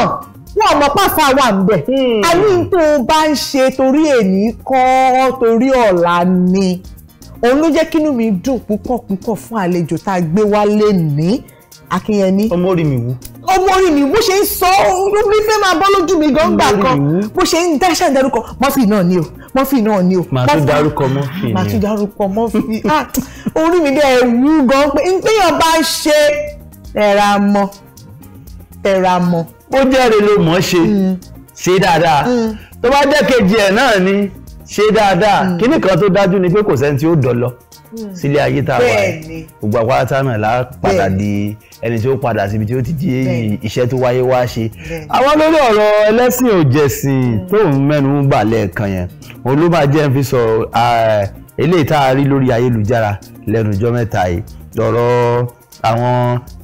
wọn ọmọ pàfà wà ń bẹ hmm. a ní tó bá ń ṣe torí èmi kọ́ torí ọ̀la ni òun ló jẹ́ kínú mi dùn púpọ̀ púpọ̀ fún àlejò tá a gbé wá lé ní akínyẹmí. ọmọ orí mi wú. ọmọ orí mi bó ṣe ń sọ lórí fẹ́ máa bọ́ lójú mi gan gbà kan bó ṣe ń dáṣà dárúkọ mọ́fì náà ni o mọ́fì náà ni o. màá tún dárúkọ mọ́fì ni. màá tún dárúkọ mọ́fì ah orí mi dẹ̀ wú gan pé ntẹ́yàn bá ṣe tẹ̀ra mọ́ tẹ̀ra mọ́. ó jẹ́rìí ló mọ̀ ṣe mm. ṣe dáadáa mm. tó bá jẹ́ kejì ẹ̀ náà ni ṣe dáadáa mm. kíní kan tó dájú ni pé kò sẹ́ni tí ó dọ̀ lọ sílé ayé tá a wà gbogbo àpáta náà lápadà di ẹni tí ó padà síbi tí ó ti di iṣẹ́ tó wáyé wá ṣe àwọn lórí ọ̀rọ̀ ẹlẹ́sìn òjẹ̀sìn tó ń mẹ́nu bà lẹ́ẹ̀kan yẹn òun ń fi sọ eléyìí tá a rí lórí ayélujára lẹ́nu ọjọ́ mẹ́ta yìí lọ́rọ̀ àwọn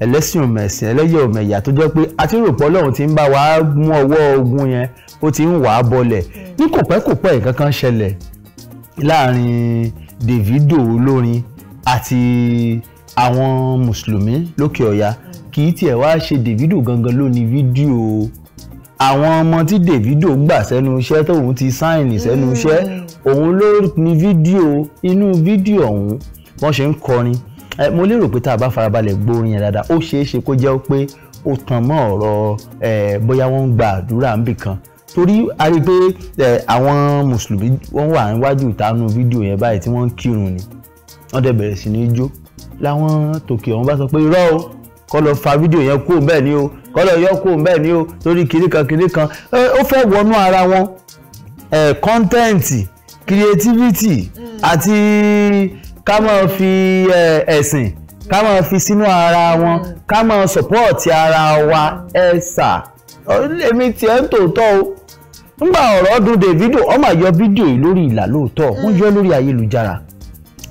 ẹlẹ́sìn òmẹ̀sìn ẹlẹ́yẹ òmẹ̀yà tó jẹ́ pé àtiròpọ̀ lọ́hùn ti ń bá wa mú ọwọ́ ogun yẹn ó ti ń wà á bọlẹ̀ ní kòpẹ́kòpẹ́ nǹkan ṣẹlẹ̀ láàrin Davido olórin àti àwọn mùsùlùmí lókè ọ̀yà kì í tiẹ̀ wá ṣe Davido gangan ló ní fídíò àwọn ọmọ tí Davido gbà sẹ́nu iṣẹ́ tóun ti sáìnì sẹ́nu mm. iṣẹ́ òun ló ní fídíò inú fídíò ọ̀hún wọ́n ṣe ń kọrin mo lérò pé tá a bá farabalẹ̀ gbórin yẹn dáadáa ó ṣeé ṣe kó jẹ́ pé ó tan mọ́ ọ̀rọ̀ bóyá wọ́n ń gba àdúrà níbì kan torí a rí i pé àwọn mùsùlùmí wọ́n wà níwájú ìtanú fídíò yẹn báyìí tí wọ́n ń kírun ni wọ́n dẹ̀ bẹ̀rẹ̀ sí ní jó làwọn tòkè ọ̀hún bá sọ pé irọ́ o kọ́ lọ fa fídíò yẹn kúrò bẹ́ẹ̀ ni o kọ́ lọ yọ kúrò bẹ́ẹ̀ ni o torí kinní kan kinní kan ó fẹ́ wọnú ara wọn kọ́ńtẹ́ǹtì creativity àti ká máa fi ẹ̀sìn ká máa fi sínú ara wọn ká máa support ara wa ẹ̀ sà èmi tiẹ̀ ń tòótọ́ o ńgbà ọ̀rọ̀ ọdún Davido ọmọ àyọ fídíò yìí lórí ìlà lóòótọ́ wọ́n yọ lórí ayélujára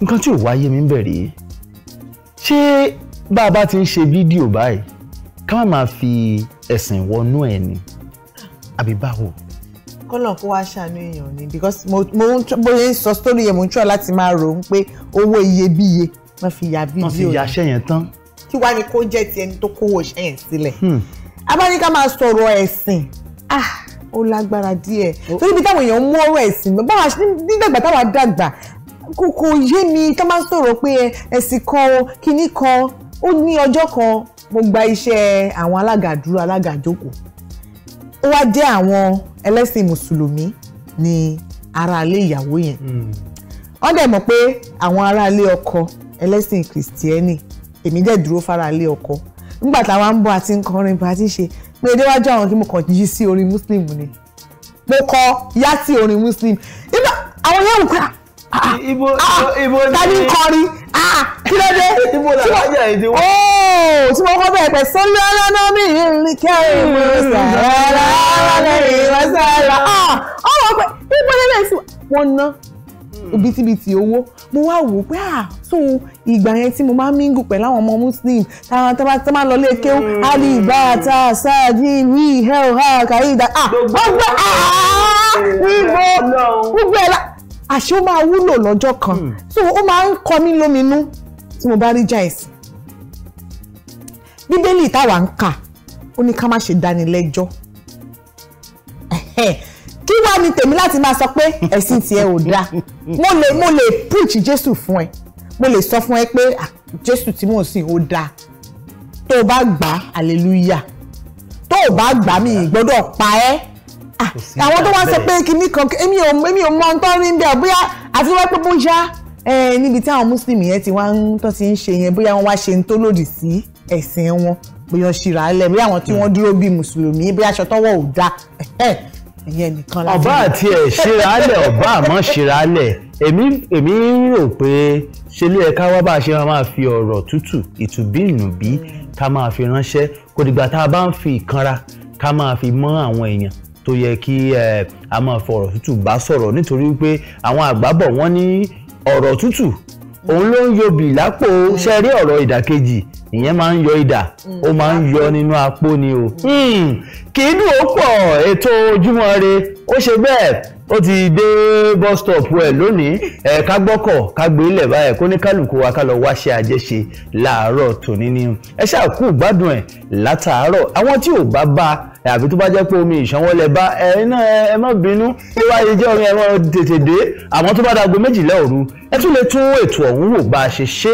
nǹkan tí ò wáyé mi ń bẹ̀rẹ̀ yìí ṣé bá a bá ti ń ṣe fídíò báyìí ká má máa fi ẹ̀sìn wọnú ẹ̀ ni àbí báwo. kọ́lọ̀ kó wá ṣàánú èèyàn ni because mo mo ń sọ sórí yẹn mo ń tọ́ láti máa rò ó pé owó iyebíye wọ́n fi ya fídíò yẹn. wọ́n fi ya aṣẹ́ yẹn tán. kí wàá ní kó jẹ́ ti ẹni tó kówó iṣẹ́ yẹn sílẹ̀. Hmm. abáníká máa sọ̀rọ̀ ẹ̀sìn ah ó lágbára díẹ̀ torí bí táwọn èèyàn mú ọ̀rọ̀ ẹ̀sìn nígbàgbà táwa dàgbà kò yé mi tó máa ń sọ̀rọ̀ pé ẹ̀sìn kan kinní kan ó ní ọjọ́ kan mo gba iṣẹ́ àwọn alága dúró alága jókòó ó wá jẹ́ àwọn ẹlẹ́sìn mùsùlùmí ní aráalé ìyàwó yẹn hmm. wọ́n dẹ̀ mọ̀ pé àwọn aráalé ọkọ ẹlẹ́sìn kìrìsìtẹ́nì èmi dẹ̀ dúró fáráalé ọkọ nígbà táwa ń bọ̀ àti ń kọrin bá ti ṣe pé déwájú àwọn kí mo kàn yí sí orin muslim ni mo kọ yá sí orin muslim nígbà àwọn yẹn wù pé ah, Ah, ah, ibo ibo ni tani kọrin ah kí ló dé ibo la wá jà èdè wọn. ooo tí mo kọ́ bẹ́ẹ̀ pẹ̀ sọ́lá lọ́nà mi ní kẹ́rin mo sàrà lọ́nà mi mo sàrà ọ̀wọ́ pé ibo lè lè sùn wọn ná hmm. bitibiti owó mo wá wò pé ah so ìgbà yẹn tí mo máa ń mingu pẹ̀lú àwọn ọmọ muslim táwọn tó bá tó máa lọ lé kéwú hmm. ali bàtà sáàdì rí hẹ́ọ̀ ha kàyídà ah gbogbo ah gbogbo ẹ̀ la àṣé ó máa wúlò lọ́jọ́ kan hmm. so ó máa ń kọ mí lóminú tí mo bá rí jáìsì bíbélì táwa ń kà ó ní ká má ṣe dánilẹ́jọ́ kí wàá ní tèmi láti máa sọ pé ẹ̀sìn tiẹ̀ ò dáa mo lè mo lè preach Jésù fún ẹ mo lè sọ fún ẹ pé Jésù tí mò sìn ó dáa tó o bá gbà á hallelujah tó o bá gbà á mi gbọ́dọ̀ pa ẹ́. Ah, àwọn tó wá sọ pé kinní kan èmi ò èmi ò mọ ohun tó rí ń bẹ́ẹ̀ bóyá àti wọ́n pé bóyá níbi tí àwọn mùsùlùmí yẹn ti wá ń tó ti ń ṣe yẹn bóyá wọ́n wá ṣe ń tó lòdì sí ẹ̀sìn wọn bóyá ṣìrà alẹ́ bóyá àwọn tí wọ́n hmm. dúró bíi mùsùlùmí bóyá aṣọ tọ́wọ́ ò dáa ìyẹn nìkan láti. ọba àti ẹ ṣíralẹ̀ ọba àmọ́ ṣíralẹ̀ èmi èmi rò pé ṣe ló yẹ wá bá a ṣe máa fi ọ̀rọ̀ tútù ìtùbínùbí ká máa fi ránṣẹ́ kò tá a bá ń fi ìkanra ká máa fi mọ́ àwọn èèyàn tó yẹ kí a máa fọ̀rọ̀ tútù bá sọ̀rọ̀ nítorí pé àwọn àgbà bọ̀ wọ́n ní ọ̀rọ̀ tútù òun ló ń yọbì lápò ṣe rí ọ̀rọ̀ ìdàkejì ìyẹn máa ń yọ idà hmm. ó máa ń yọ nínú apó ni o hmm. kì í dùn ó pọ̀ ètò Ojúmọ́ Ire ó ṣe bẹ́ẹ̀ ó ti dé bus stop ẹ̀ lónìí ẹ̀ ká gbọ́kọ̀ ká gbé ilẹ̀ báyẹn kó ní kálukú wa ká lọ wáṣẹ́ àjẹṣe láàárọ̀ tòní ni ẹ ṣáà kú gbádùn ẹ̀ látàárọ̀ àwọn tí ò bá bá àbí tó bá jẹ́ pé omi ìṣanwọ́lẹ̀ bá ẹ náà ẹ má bínú bí wàá yẹ jẹ́ orin ẹ̀rọ tètè dé àmọ́ tó bá dago méjìlá òru ẹ tún lè tún ètò ọ̀hún wò bá a ṣe ṣe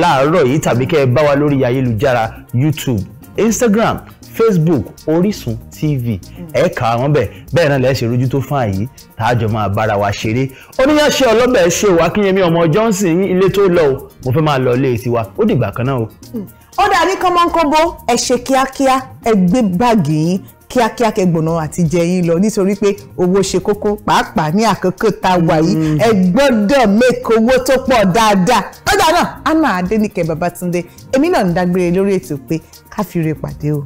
láàárọ̀ yìí tàbí kẹ́ ẹ bá wa lórí ayélujára YouTube Instagram facebook orísun tv hmm. ẹ kà á wọn bẹ bẹ́ẹ̀ náà lẹsẹ rojú tó fún àyè tààjọ máa bára wa ṣeré oníyànṣe ọlọ́bẹ̀ ṣe wà kínyẹmí ọmọ johnson ilé tó lọ o mo fẹ́ máa lọ ilé tiwa ó dìgbà kan náà o. Hmm. ó dà ní kánmọ́nkánbó ẹ ṣe kíákíá ẹ gbé báàgì yín kíákíá kẹgbọnà àti jẹyìn lọ nítorí pé owó ṣe kókó pàápàá ní àkókò tá a wà yìí hmm. ẹ gbọ́dọ̀ mẹkọ owó tó pọ̀ dáadáa lọ́dọ̀ náà anna adẹnìkẹ́ babatunde èmi náà ń dágbére lórí ètò pé káfíńre pàdé o.